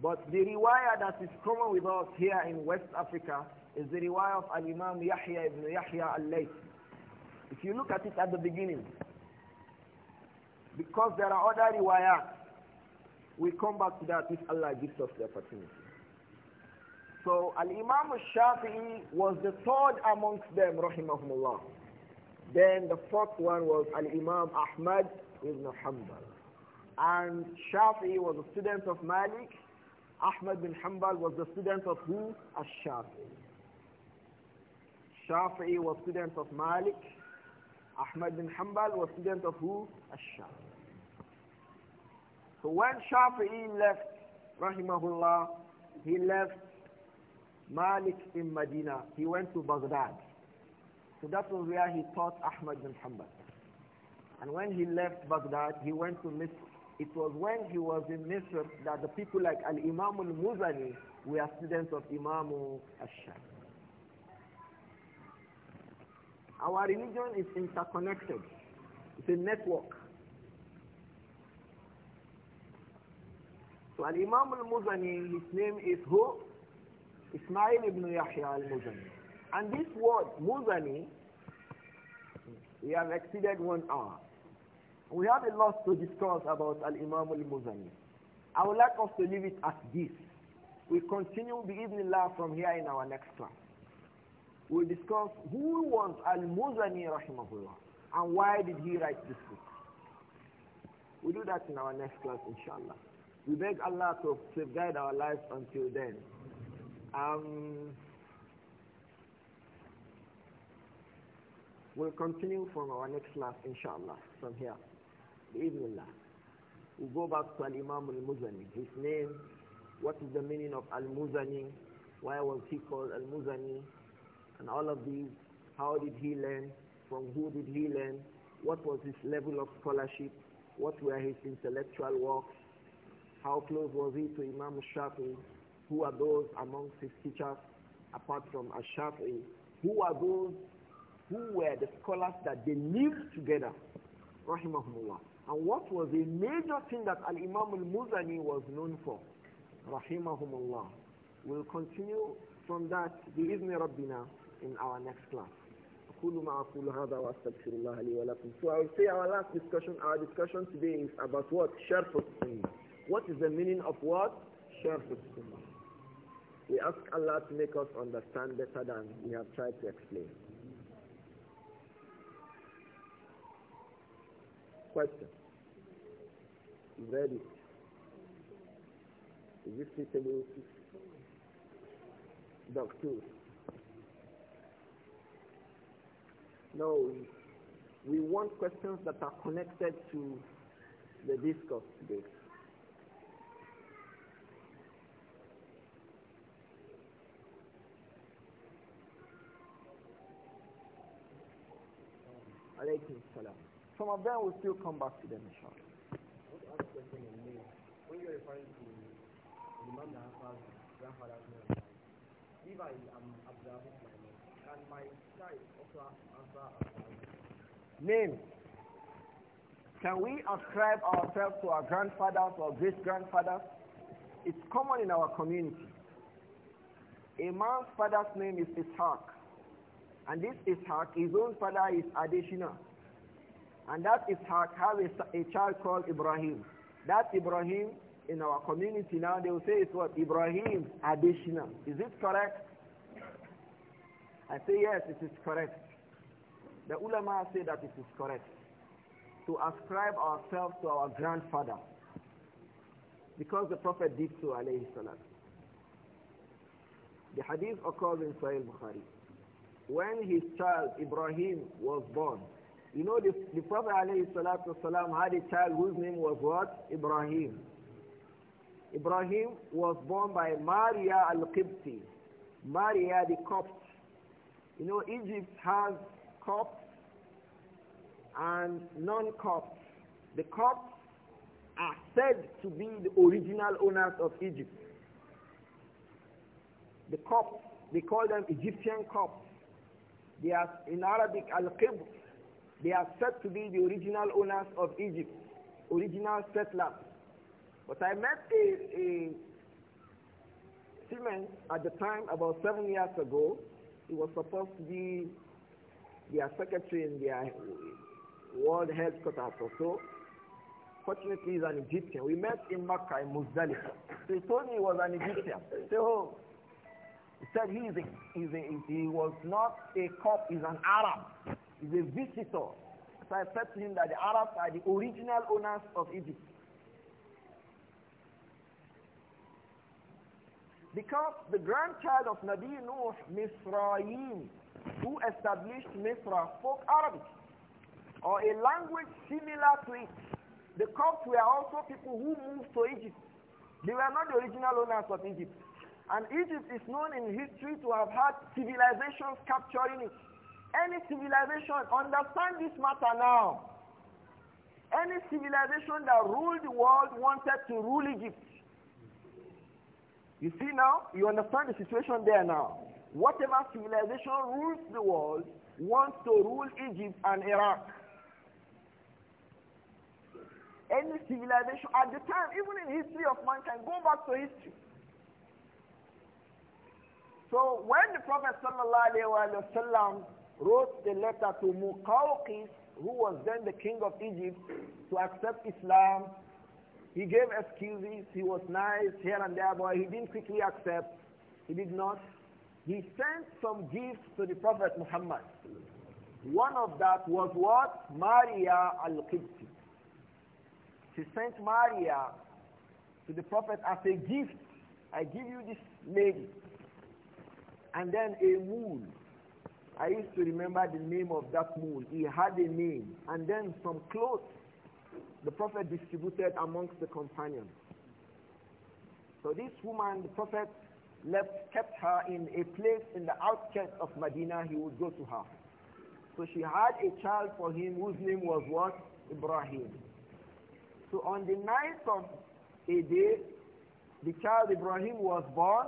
But the riwayah that is common with us here in West Africa is the riwayah of Al-Imam Yahya ibn Yahya al-Layth. If you look at it at the beginning, because there are other riwayat we come back to that if Allah gives us the opportunity. So Al-Imam al-Shafi'i was the third amongst them, rahimahumullah. Then the fourth one was Al-Imam Ahmad ibn Hanbal. And Shafi'i was a student of Malik. Ahmad bin Hanbal was the student of who? Al-Shafi'i. Shafi'i was student of Malik. Ahmad bin Hanbal was student of who? Al-Shafi'i. So when Shafi'i left, rahimahullah, he left Malik in Medina. He went to Baghdad. So that was where he taught Ahmad bin Hanbal. And when he left Baghdad, he went to Misr. It was when he was in Misr that the people like Al-Imam al-Muzani were students of Imam al-Shafi. Our religion is interconnected. It's a network. So Al-Imam al-Muzani, his name is who? Ismail ibn Yahya al-Muzani. And this word, Muzani, we have exceeded one hour. We have a lot to discuss about Al-Imam al-Muzani. I would like us to leave it at this. We continue the evening law from here in our next class. We'll discuss who was Al-Muzani rahimahullah and why did he write this book. We'll do that in our next class inshallah. We beg Allah to safeguard our lives until then. Um, we'll continue from our next class, inshallah, from here. Bismillah. We'll go back to Al-Imam Al-Muzani. His name, what is the meaning of Al-Muzani, why was he called Al-Muzani, and all of these, how did he learn, from who did he learn, what was his level of scholarship, what were his intellectual works, how close was he to Imam Shafi? Who are those amongst his teachers apart from Ashraf? Who are those who were the scholars that they lived together? Rahimahumullah. And what was the major thing that Al-Imam Al-Muzani was known for? Rahimahumullah. We'll continue from that بإذن ربنا in our next class. So I will say our last discussion, our discussion today is about what? Sharp what is the meaning of what? Sharh Sunnah. We ask Allah to make us understand better than we have tried to explain. Question. You read suitable Doctor? No, we want questions that are connected to the discourse today. Alaykum salam. Some of them will still come back to them, inshallah. When you're referring to grandfather's name, if I am observing my name, can my child also answer Name. Can we ascribe ourselves to our grandfathers or great grandfathers? It's common in our community. A man's father's name is Ishaq. And this Ishaq, his own father is Adeshina. And that Ishaq has a, a child called Ibrahim. That Ibrahim, in our community now, they will say it's what? Ibrahim Adeshina. Is it correct? I say yes, it is correct. The ulama say that it is correct to ascribe ourselves to our grandfather because the Prophet did so, alayhi salam. The hadith occurs in Sahih Bukhari when his child Ibrahim was born. You know, the, the Prophet salam had a child whose name was what? Ibrahim. Ibrahim was born by Maria al-Qibti. Maria the Copt. You know, Egypt has Copts and non-Copts. The Copts are said to be the original owners of Egypt. The Copts, they call them Egyptian Copts. They are, in Arabic, Al-Qibr. They are said to be the original owners of Egypt, original settlers. But I met a, a seaman at the time, about seven years ago. He was supposed to be their secretary in their World Headquarters or so. Fortunately, he's an Egyptian. We met in Makkah, in Muzdalifah. So he told me he was an Egyptian. So. He said he, is a, a, he was not a cop, he's an Arab. He's a visitor. So I said to him that the Arabs are the original owners of Egypt. Because the grandchild of Nabi Nuh, Misraim, who established Misra, spoke Arabic, or a language similar to it. The Copts were also people who moved to Egypt. They were not the original owners of Egypt. And Egypt is known in history to have had civilizations capturing it. Any civilization, understand this matter now. Any civilization that ruled the world wanted to rule Egypt. You see now, you understand the situation there now. Whatever civilization rules the world wants to rule Egypt and Iraq. Any civilization at the time, even in history of mankind, go back to history. So when the Prophet ﷺ wrote the letter to Muqawqis, who was then the king of Egypt, to accept Islam, he gave excuses, he was nice here and there, but he didn't quickly accept. He did not. He sent some gifts to the Prophet Muhammad. One of that was what? Maria al-Qibti. She sent Maria to the Prophet as a gift. I give you this lady and then a mule. I used to remember the name of that mule. He had a name. And then some clothes the Prophet distributed amongst the companions. So this woman, the Prophet left, kept her in a place in the outskirts of Medina. He would go to her. So she had a child for him whose name was what? Ibrahim. So on the ninth of a day, the child Ibrahim was born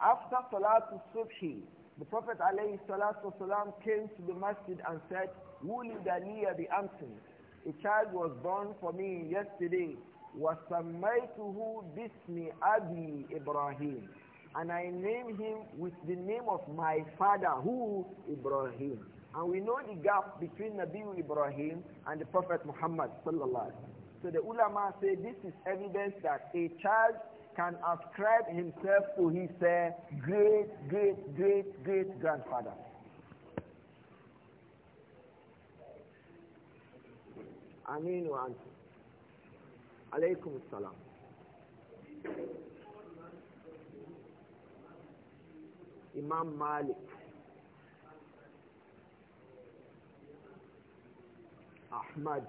after Salatul Subhi, the Prophet alayhi came to the masjid and said, Wulida liya the Ansar? A child was born for me yesterday. وَسَمَّيْتُهُ بِاسْمِ أَبِي Ibrahim. And I named him with the name of my father, who? Ibrahim. And we know the gap between Nabi Ibrahim and the Prophet Muhammad So the ulama say this is evidence that a child can ascribe himself to his uh, great, great, great, great grandfather. Amin wa antum. Alaykum salam. Imam Malik. Ahmad.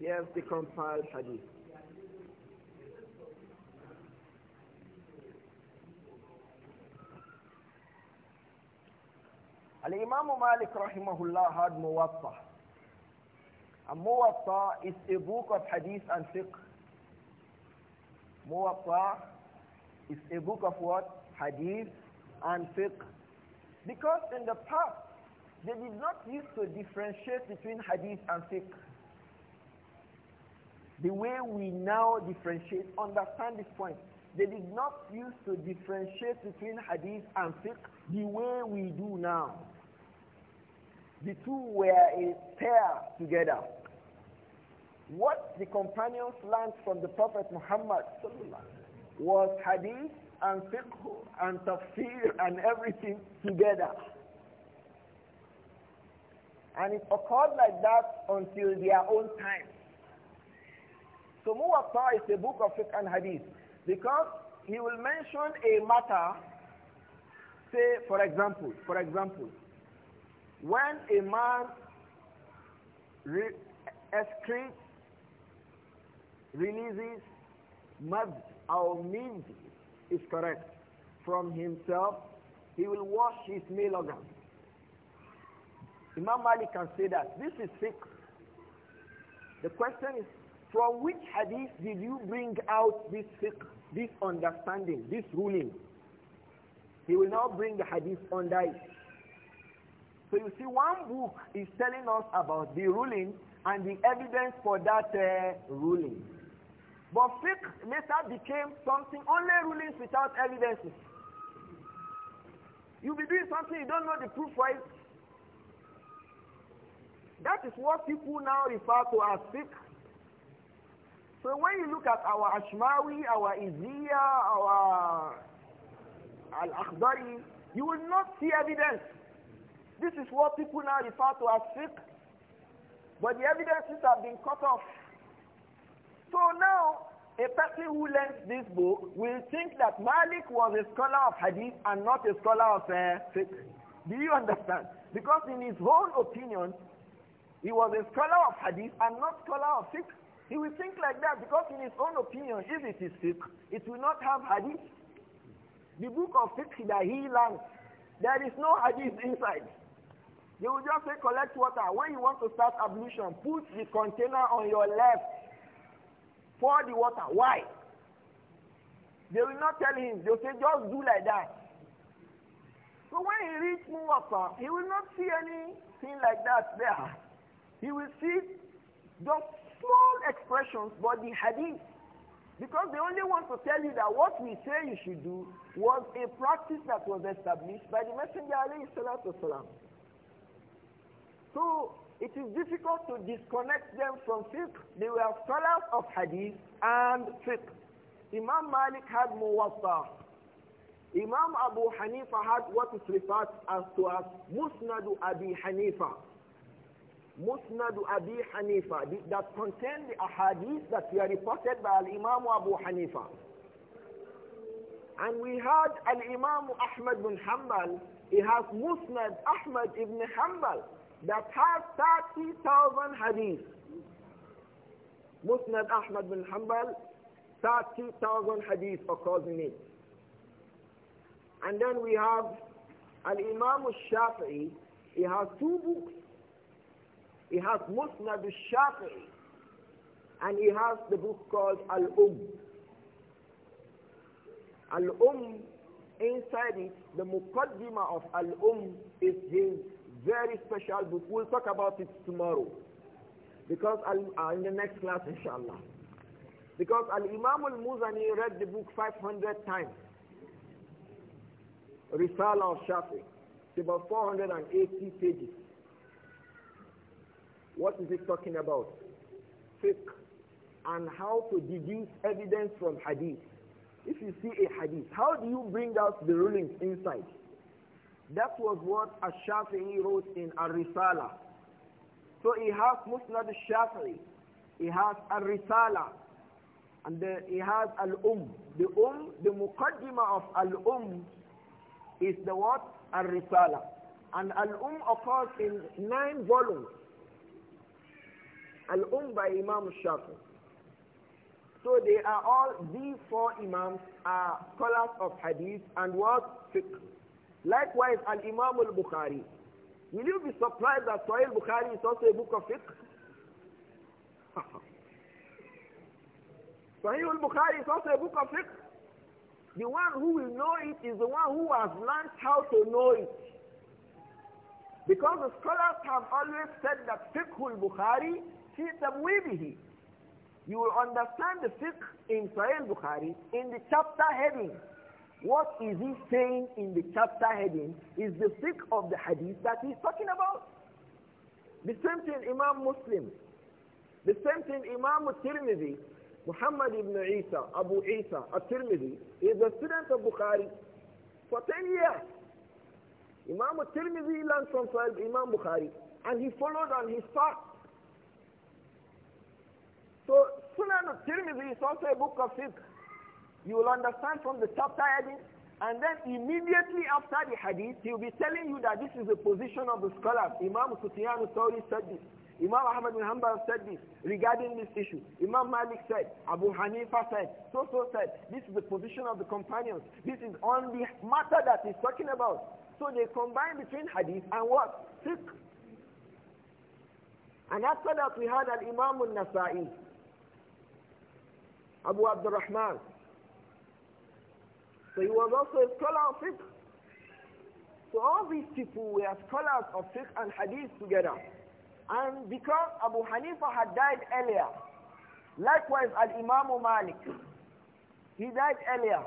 Yes, the compiled hadith. Al-Imam Malik rahimahullah had Muwatta. A Muwatta is a book of hadith and fiqh. Muwatta is a book of what? Hadith and fiqh. Because in the past, they did not used to differentiate between hadith and fiqh. The way we now differentiate, understand this point. They did not used to differentiate between hadith and fiqh the way we do now. The two were a pair together. What the companions learned from the Prophet Muhammad was hadith and fiqh and tafsir and everything together. And it occurred like that until their own time. So Muwatta is a book of fiqh and hadith because he will mention a matter, say for example, for example, when a man re- excretes, releases mud or means is correct from himself, he will wash his male organ. Imam Malik can say that. This is fiqh. The question is from which hadith did you bring out this fiqh, this understanding, this ruling? He will now bring the hadith on that. So you see, one book is telling us about the ruling and the evidence for that uh, ruling. But fiqh later became something, only rulings without evidences. You'll be doing something you don't know the proof for it. That is what people now refer to as fiqh so when you look at our Ashmawi, our Izziya, our Al-Akhdari, you will not see evidence. This is what people now refer to as fiqh, but the evidences have been cut off. So now, a person who learns this book will think that Malik was a scholar of hadith and not a scholar of uh, fiqh. Do you understand? Because in his own opinion, he was a scholar of hadith and not scholar of fiqh. He will think like that because in his own opinion, if it is fiqh, it will not have hadith. The book of fiqh that he learned, there is no hadith inside. They will just say, collect water. When you want to start ablution, put the container on your left. Pour the water. Why? They will not tell him. They will say, just do like that. So when he reads Muwafa, he will not see anything like that there. He will see just small expressions, but the hadith. Because they only want to tell you that what we say you should do was a practice that was established by the Messenger alayhi So it is difficult to disconnect them from fiqh. They were scholars of hadith and fiqh. Imam Malik had muwatta. Imam Abu Hanifa had what is referred as to as Musnadu Abi Hanifa. Musnad Abu Hanifa that contain the ahadith that were reported by Al-Imam Abu Hanifa. And we have Al-Imam Ahmad bin Hamal. he has Musnad Ahmad ibn Hamal that has 30,000 hadith. Musnad Ahmad bin Hamal, 30,000 hadith occurs in it. And then we have Al-Imam Shafi. he has two books he has Musnad al-Shafi'i. And he has the book called Al-Umm. Al-Umm, inside it, the Muqaddimah of Al-Umm is his very special book. We'll talk about it tomorrow. Because uh, in the next class, inshallah. Because Al-Imam al-Muzani read the book 500 times. Risala of It's about 480 pages. What is it talking about? Fiqh and how to deduce evidence from hadith. If you see a hadith, how do you bring out the rulings inside? That was what Ash-Shafi'i wrote in Ar-Risala. So he has Musnad al-Shafi'i, he has Ar-Risala, and the, he has Al-Um. The Um, the Muqaddimah of Al-Um is the what? Al-Risala. And Al-Um occurs in nine volumes al um by Imam Shafi. So they are all, these four Imams are scholars of Hadith and work Fiqh. Likewise, Al-Imam Al-Bukhari. Will you be surprised that Sahih Bukhari is also a book of fiqh? Sahih al-Bukhari is also a book of fiqh. The one who will know it is the one who has learned how to know it. Because the scholars have always said that fiqh al-Bukhari في تبويبه you will understand the fiqh in Sahih Bukhari in the chapter heading. What is he saying in the chapter heading is the fiqh of the hadith that he's talking about. The same thing Imam Muslim, the same thing Imam Tirmidhi, Muhammad ibn Isa, Abu Isa, A tirmidhi is a student of Bukhari for 10 years. Imam Tirmidhi learned from Imam Bukhari and he followed on his path. So Sunan al-Tirmidhi is also a book of fiqh. You will understand from the chapter heading, and then immediately after the hadith, he will be telling you that this is the position of the scholars. Imam Sufyan al-Thawri said this. Imam Ahmad bin Hanbal said this regarding this issue. Imam Malik said, Abu Hanifa said, so so said, this is the position of the companions. This is on the matter that he's talking about. So they combine between hadith and what? Fiqh. And after that we had an Imam al-Nasa'i. Abu Abdul So he was also a scholar of fiqh. So all these people were scholars of fiqh and hadith together. And because Abu Hanifa had died earlier, likewise Al-Imam Malik, he died earlier.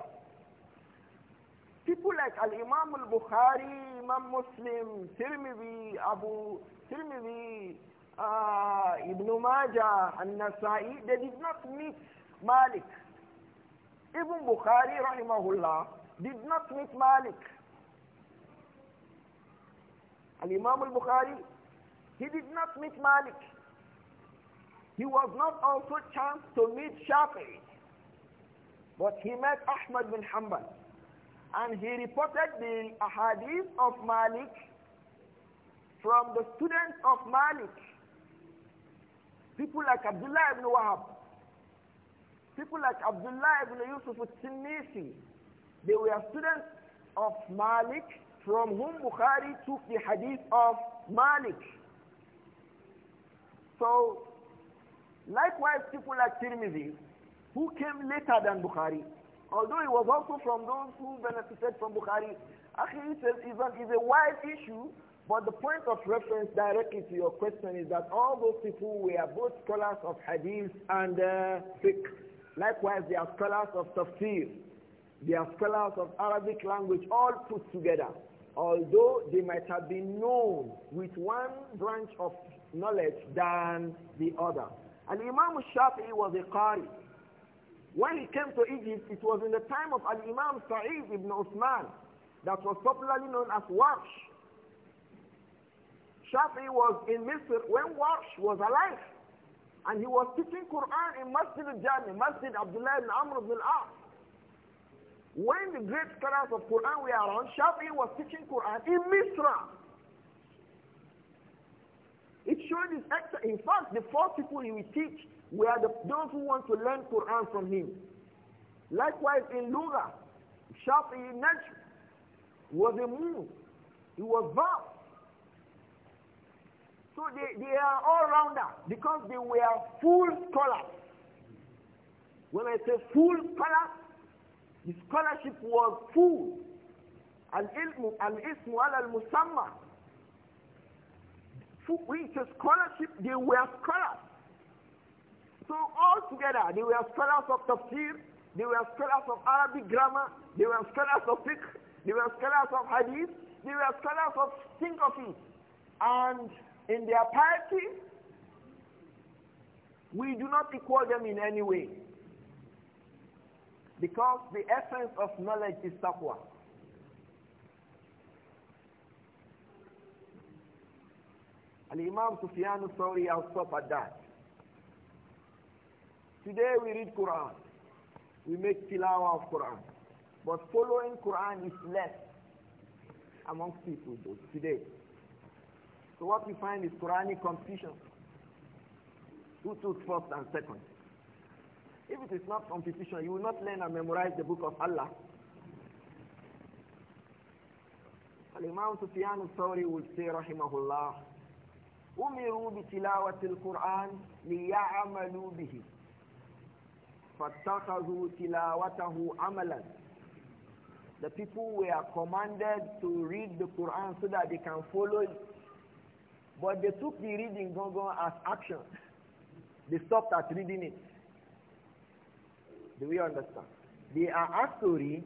People like Al-Imam Al-Bukhari, Imam Muslim, Tirmidhi, Abu Tirmidhi, uh, Ibn Majah, and Nasai, they did not meet Malik. Even Bukhari, rahimahullah, did not meet Malik. Al-Imam al-Bukhari, he did not meet Malik. He was not also chance to meet Shafi'i. But he met Ahmad bin Hanbal. And he reported the hadith of Malik from the students of Malik. People like Abdullah ibn Wahab, people like Abdullah ibn Yusuf al-Tinnisi, they were students of Malik, from whom Bukhari took the hadith of Malik. So, likewise, people like Tirmidhi, who came later than Bukhari, although he was also from those who benefited from Bukhari, actually is a, is a wide issue, but the point of reference directly to your question is that all those people were both scholars of hadith and uh, fiqh. Likewise, there are scholars of tafsir. there are scholars of Arabic language, all put together. Although they might have been known with one branch of knowledge than the other. And Imam Shafi'i was a Qari. When he came to Egypt, it was in the time of Al-Imam Sa'id ibn Uthman that was popularly known as Warsh. Shafi'i was in Misr when Warsh was alive. And he was teaching Quran in Masjid al-Jami, Masjid Abdullah ibn Amr ibn al-As. When the great scholars of Quran were around, Shafi was teaching Quran in Misra. It showed his excellence. In fact, the first people he would teach were the, those who want to learn Quran from him. Likewise, in Lugha, Shafi Najm was a moon. He was vast. So they, they are all-rounder because they were full scholars. When I say full scholars, the scholarship was full. and ilmu and ismu al-musamma. With the scholarship, they were scholars. So all together, they were scholars of tafsir, they were scholars of Arabic grammar, they were scholars of fiqh, they were scholars of hadith, they were scholars of think And in their piety, we do not equal them in any way. Because the essence of knowledge is taqwa. Al-Imam Sufyan Sawri will stop at that. Today we read Quran. We make tilawa of Quran. But following Quran is less amongst people today. So what we find is Quranic competition. Who took first and second? If it is not competition, you will not learn and memorize the book of Allah. Al-Imam Sufyan al-Thawri would say, rahimahullah, أمروا بتلاوة القرآن ليعملوا به فاتخذوا تلاوته عملا The people were commanded to read the Quran so that they can follow it. But they took the reading gongon as action. They stopped at reading it. Do we understand? They are asked to read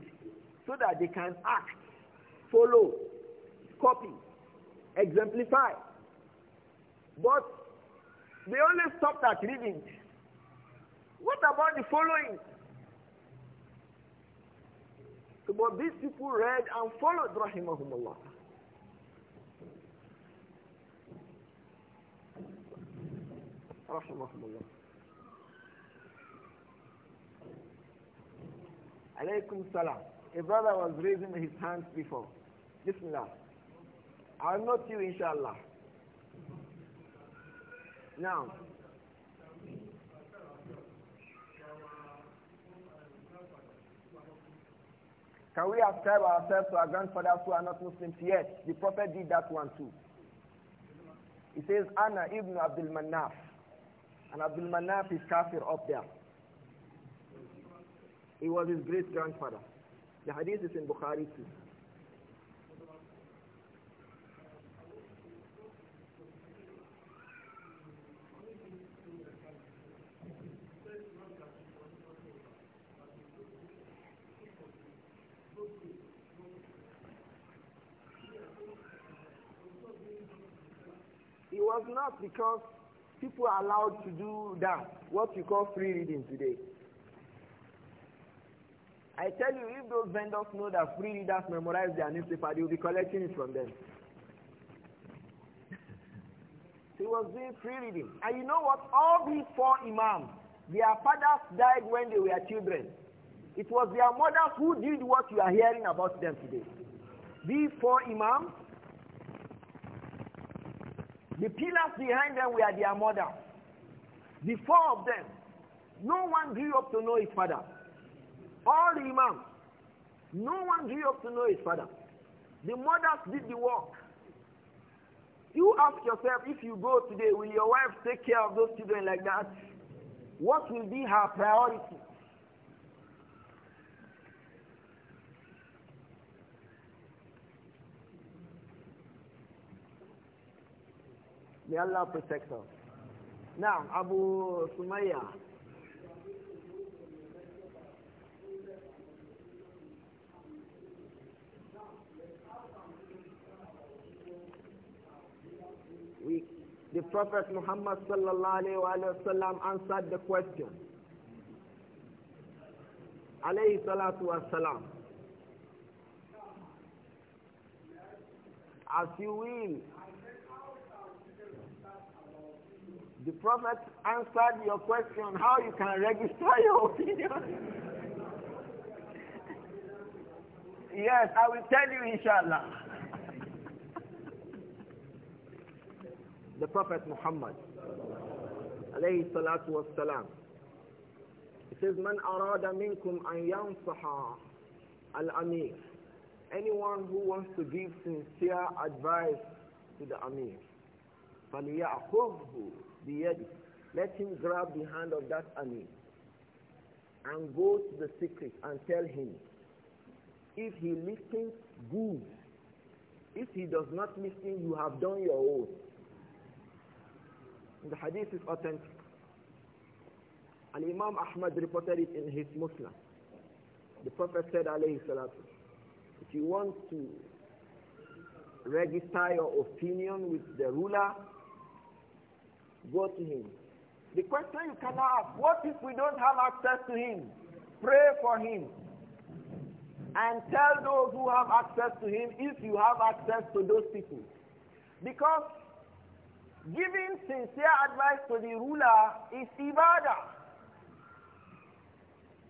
so that they can act, follow, copy, exemplify. But they only stopped at reading. What about the following? So, but these people read and followed Rahimahumullah. رحمهم الله alaykum salam a brother was raising his hands before bismillah i'll note you inshallah now Can we ascribe ourselves to our grandfathers who are not Muslims? yet? the Prophet did that one too. He says, Anna ibn Abdul Manaf. And Abdul Manaf is kafir up there. He was his great grandfather. The hadith is in Bukhari too. He was not because People are allowed to do that, what you call free reading today. I tell you, if those vendors know that free readers memorize their newspaper, they will be collecting it from them. he was doing free reading. And you know what? All these four imams, their fathers died when they were children. It was their mothers who did what you are hearing about them today. These four imams, the pillars behind them were their mother. The four of them, no one grew up to know his father. All the imams, no one grew up to know his father. The mothers did the work. You ask yourself, if you go today, will your wife take care of those children like that? What will be her priority? May Allah protect us. Now, Abu Sumayya. We, the Prophet Muhammad sallallahu alaihi wasallam answered the question. Alayhi salatu wasalam. As you will, The Prophet answered your question how you can register your opinion. yes, I will tell you inshallah. the Prophet Muhammad alayhi salatu was salam. It says, Man arada minkum an yansaha al-amir. Anyone who wants to give sincere advice to the amir, فَلْيَعْخُذْهُ biyadi. Let him grab the hand of that Amir and go to the secret and tell him. If he listens, good. If he does not listen, you have done your own. the hadith is authentic. And Imam Ahmad reported it in his Muslim. The Prophet said, salatu, if you want to register your opinion with the ruler, Go to him. The question you can ask, what if we don't have access to him? Pray for him. And tell those who have access to him if you have access to those people. Because giving sincere advice to the ruler is ibadah.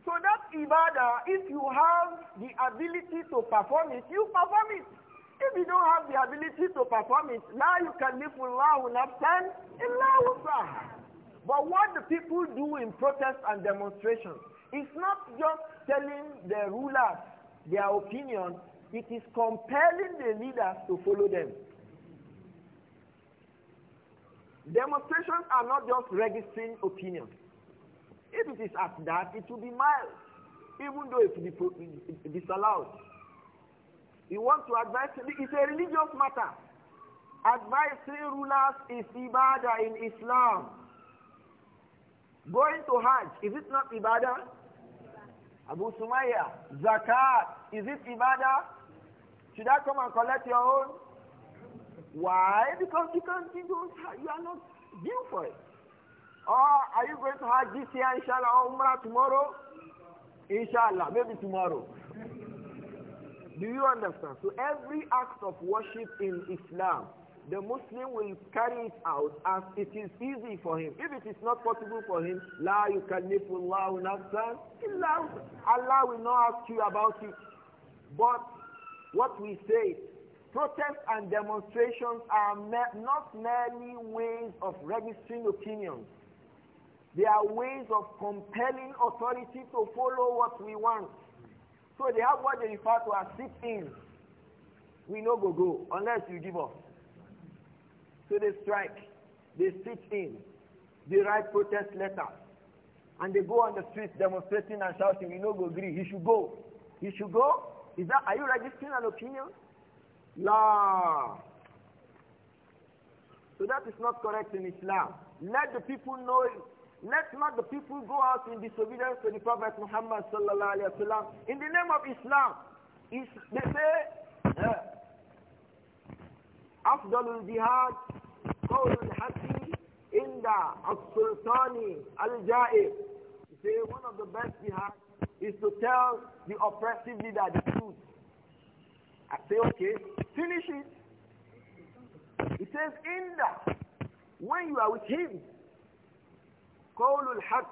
So that ibadah, if you have the ability to perform it, you perform it. If you don't have the ability to perform it, now you can live with Allah nafsan illa wusaha. But what the people do in protests and demonstrations is not just telling the rulers their opinion, it is compelling the leaders to follow them. Demonstrations are not just registering opinions. If it is at that, it will be mild, even though it will be disallowed. You want to advise, it's a religious matter. Advising rulers is ibadah in Islam. Going to Hajj, is it not ibadah? Abu Sumaya, Zakat, is it ibadah? Should I come and collect your own? Why? Because you can't, you don't, you are not due for it. Or oh, are you going to Hajj this year, inshallah, or Umrah tomorrow? Inshallah, maybe tomorrow. Do you understand? So every act of worship in Islam, the Muslim will carry it out as it is easy for him. If it is not possible for him, La yukallifullahu nafsan illa Allah will not ask you about it. But what we say, protests and demonstrations are not merely ways of registering opinions. They are ways of compelling authority to follow what we want. So they have what they refer to as sit-ins. We no go go unless you give up. So they strike, they sit in, they write protest letters, and they go on the streets demonstrating and shouting, "We no go agree. He should go. He should go." Is that are you registering an opinion? La. So that is not correct in Islam. Let the people know let not the people go out in disobedience to the Prophet Muhammad sallallahu alayhi wa sallam in the name of Islam. Is, they say, أفضل الجهاد قول الحكي عند السلطان الجائر. They say one of the best jihad is to tell the oppressive leader the truth. I say, okay, finish it. He says, in that, when you are with him, Qawlul haq,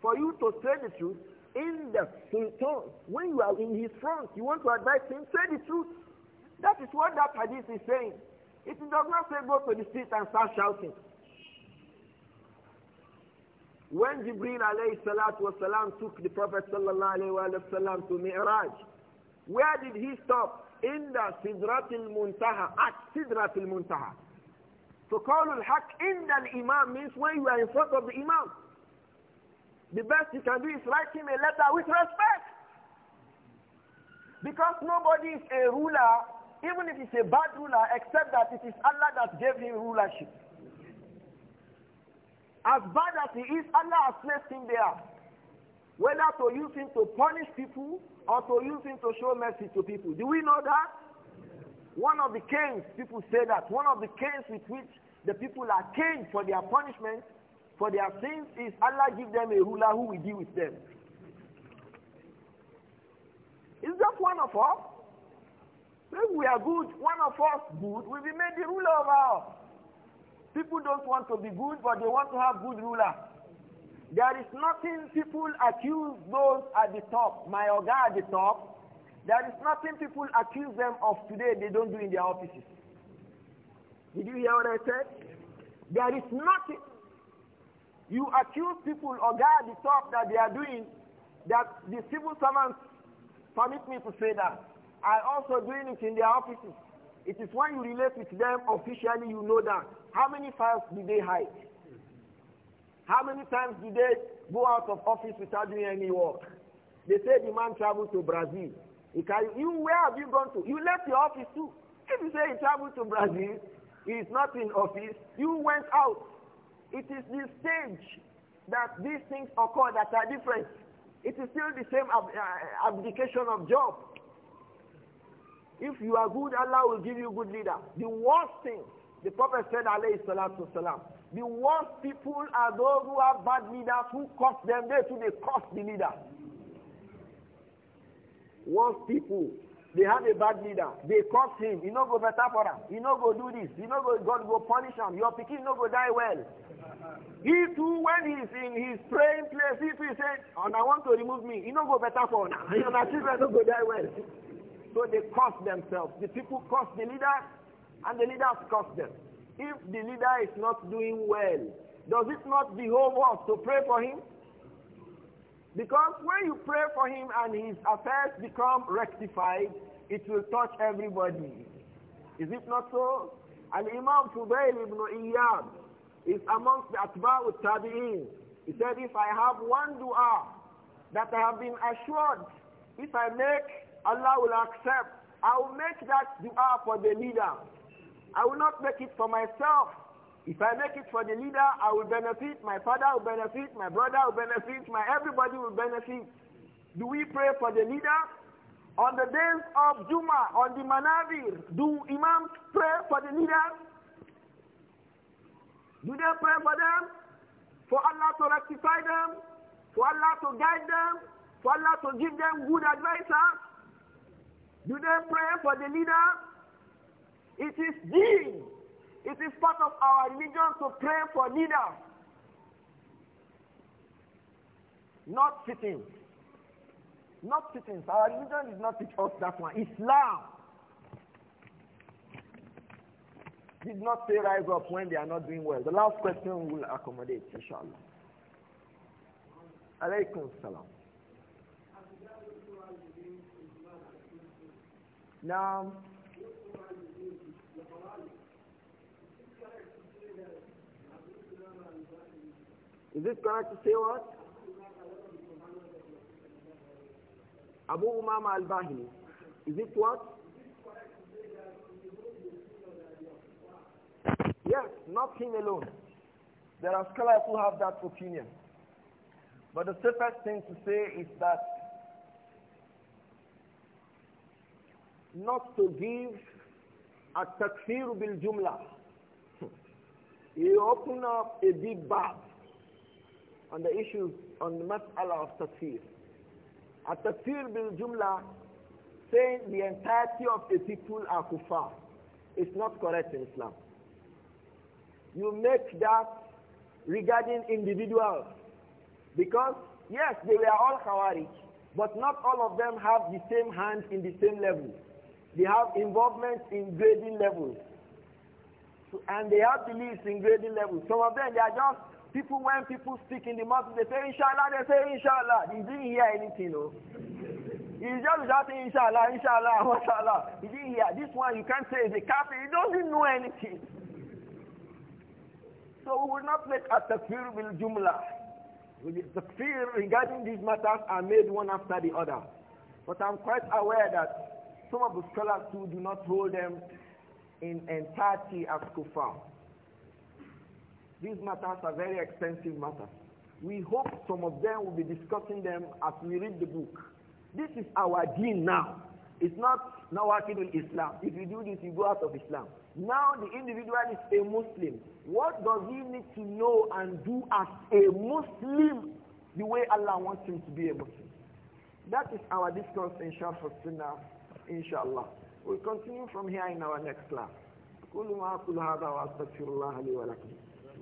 for you to say the truth, in the sultan, when you are in his front, you want to advise him, say the truth. That is what that hadith is saying. It does not say go to the street and start shouting. When Jibril alayhi salatu wasalam took the Prophet sallallahu alayhi wa to Mi'raj, where did he stop? In the Sidratul Muntaha, at Sidratul Muntaha. So qawlul haq in the imam means when you are in front of the imam. The best you can do is write him a letter with respect. Because nobody is a ruler, even if it's a bad ruler, except that it is Allah that gave him rulership. As bad as he is, Allah has placed him there. Whether to use him to punish people or to use him to show mercy to people. Do we know that? One of the kings, people say that, one of the kings with which the people are caned for their punishment, for their sins, is Allah give them a ruler who will deal with them. It's just one of us. If we are good, one of us good will be made the ruler of us. People don't want to be good, but they want to have good ruler. There is nothing people accuse those at the top, my guy at the top. There is nothing people accuse them of today they don't do in their offices. Did you hear what I said? There is nothing. You accuse people or guard the stuff that they are doing that the civil servants, permit me to say that, I also doing it in their offices. It is when you relate with them officially you know that. How many files do they hide? How many times do they go out of office without doing any work? They say the man traveled to Brazil. you, where have you gone to? You left your office too. If you say he traveled to Brazil, he is not in office. You went out. It is the stage that these things occur that are different. It is still the same ab uh, abdication of job. If you are good, Allah will give you good leader. The worst thing, the Prophet said, alayhi salatu salam, the worst people are those who have bad leaders who curse them. They too, they curse the leader. Worst people they have a bad leader. They curse him. He no go better for him. He no go do this. He no go God go punish him. Your pikin no go die well. He too, when he's in his praying place, if he say, and oh, I want to remove me, he no go better for now. And my children no go die well. So they curse themselves. The people curse the leaders, and the leaders curse them. If the leader is not doing well, does it not behove us to pray for him? Because when you pray for him and his affairs become rectified, it will touch everybody. Is it not so? And Imam Fubayl ibn Iyad is amongst the Atba'u Tabi'in. He said, if I have one dua that I have been assured, if I make, Allah will accept. I will make that dua for the leader. I will not make it for myself. If I make it for the leader, I will benefit, my father will benefit, my brother will benefit, my everybody will benefit. Do we pray for the leader? On the days of Juma, on the Manavir, do imams pray for the leader? Do they pray for them? For Allah to rectify them? For Allah to guide them? For Allah to give them good advice? Do they pray for the leader? It is deen it is part of our religion to pray for leaders, not sitting. Not sitting. Our religion is not teach us that one. Islam did not say rise up when they are not doing well. The last question will accommodate, inshallah. Alaykum salam. Now, Is it correct to say what? Abu Umama al-Bahili. Is it what? Yes, not him alone. There are scholars who have that opinion. But the safest thing to say is that not to give a takfir bil jumla. You open up a big bag on the issue on the mas'ala of tafsir. At tafsir bil jumla, saying the entirety of the people are kuffar is not correct in Islam. You make that regarding individuals because yes, they were all khawarij, but not all of them have the same hand in the same level. They have involvement in grading levels. So, and they have beliefs in grading levels. Some of them, they are just People, when people speak in the mosque, they say, Inshallah, they say, Inshallah. He didn't hear anything, no. Oh. He's just shouting, Inshallah, Inshallah, Mashallah. He didn't hear. This one, you can't say is a kafir. He doesn't know anything. So we will not make a takfir bil jumla. The fear regarding these matters are made one after the other. But I'm quite aware that some of the scholars too do not hold them in entirety as kufar. These matters are very expensive matters. We hope some of them will be discussing them as we read the book. This is our deen now. It's not working with Islam. If you do this, you go out of Islam. Now the individual is a Muslim. What does he need to know and do as a Muslim the way Allah wants him to be a Muslim? That is our discourse in Shafat Sunnah, inshallah. We'll continue from here in our next class.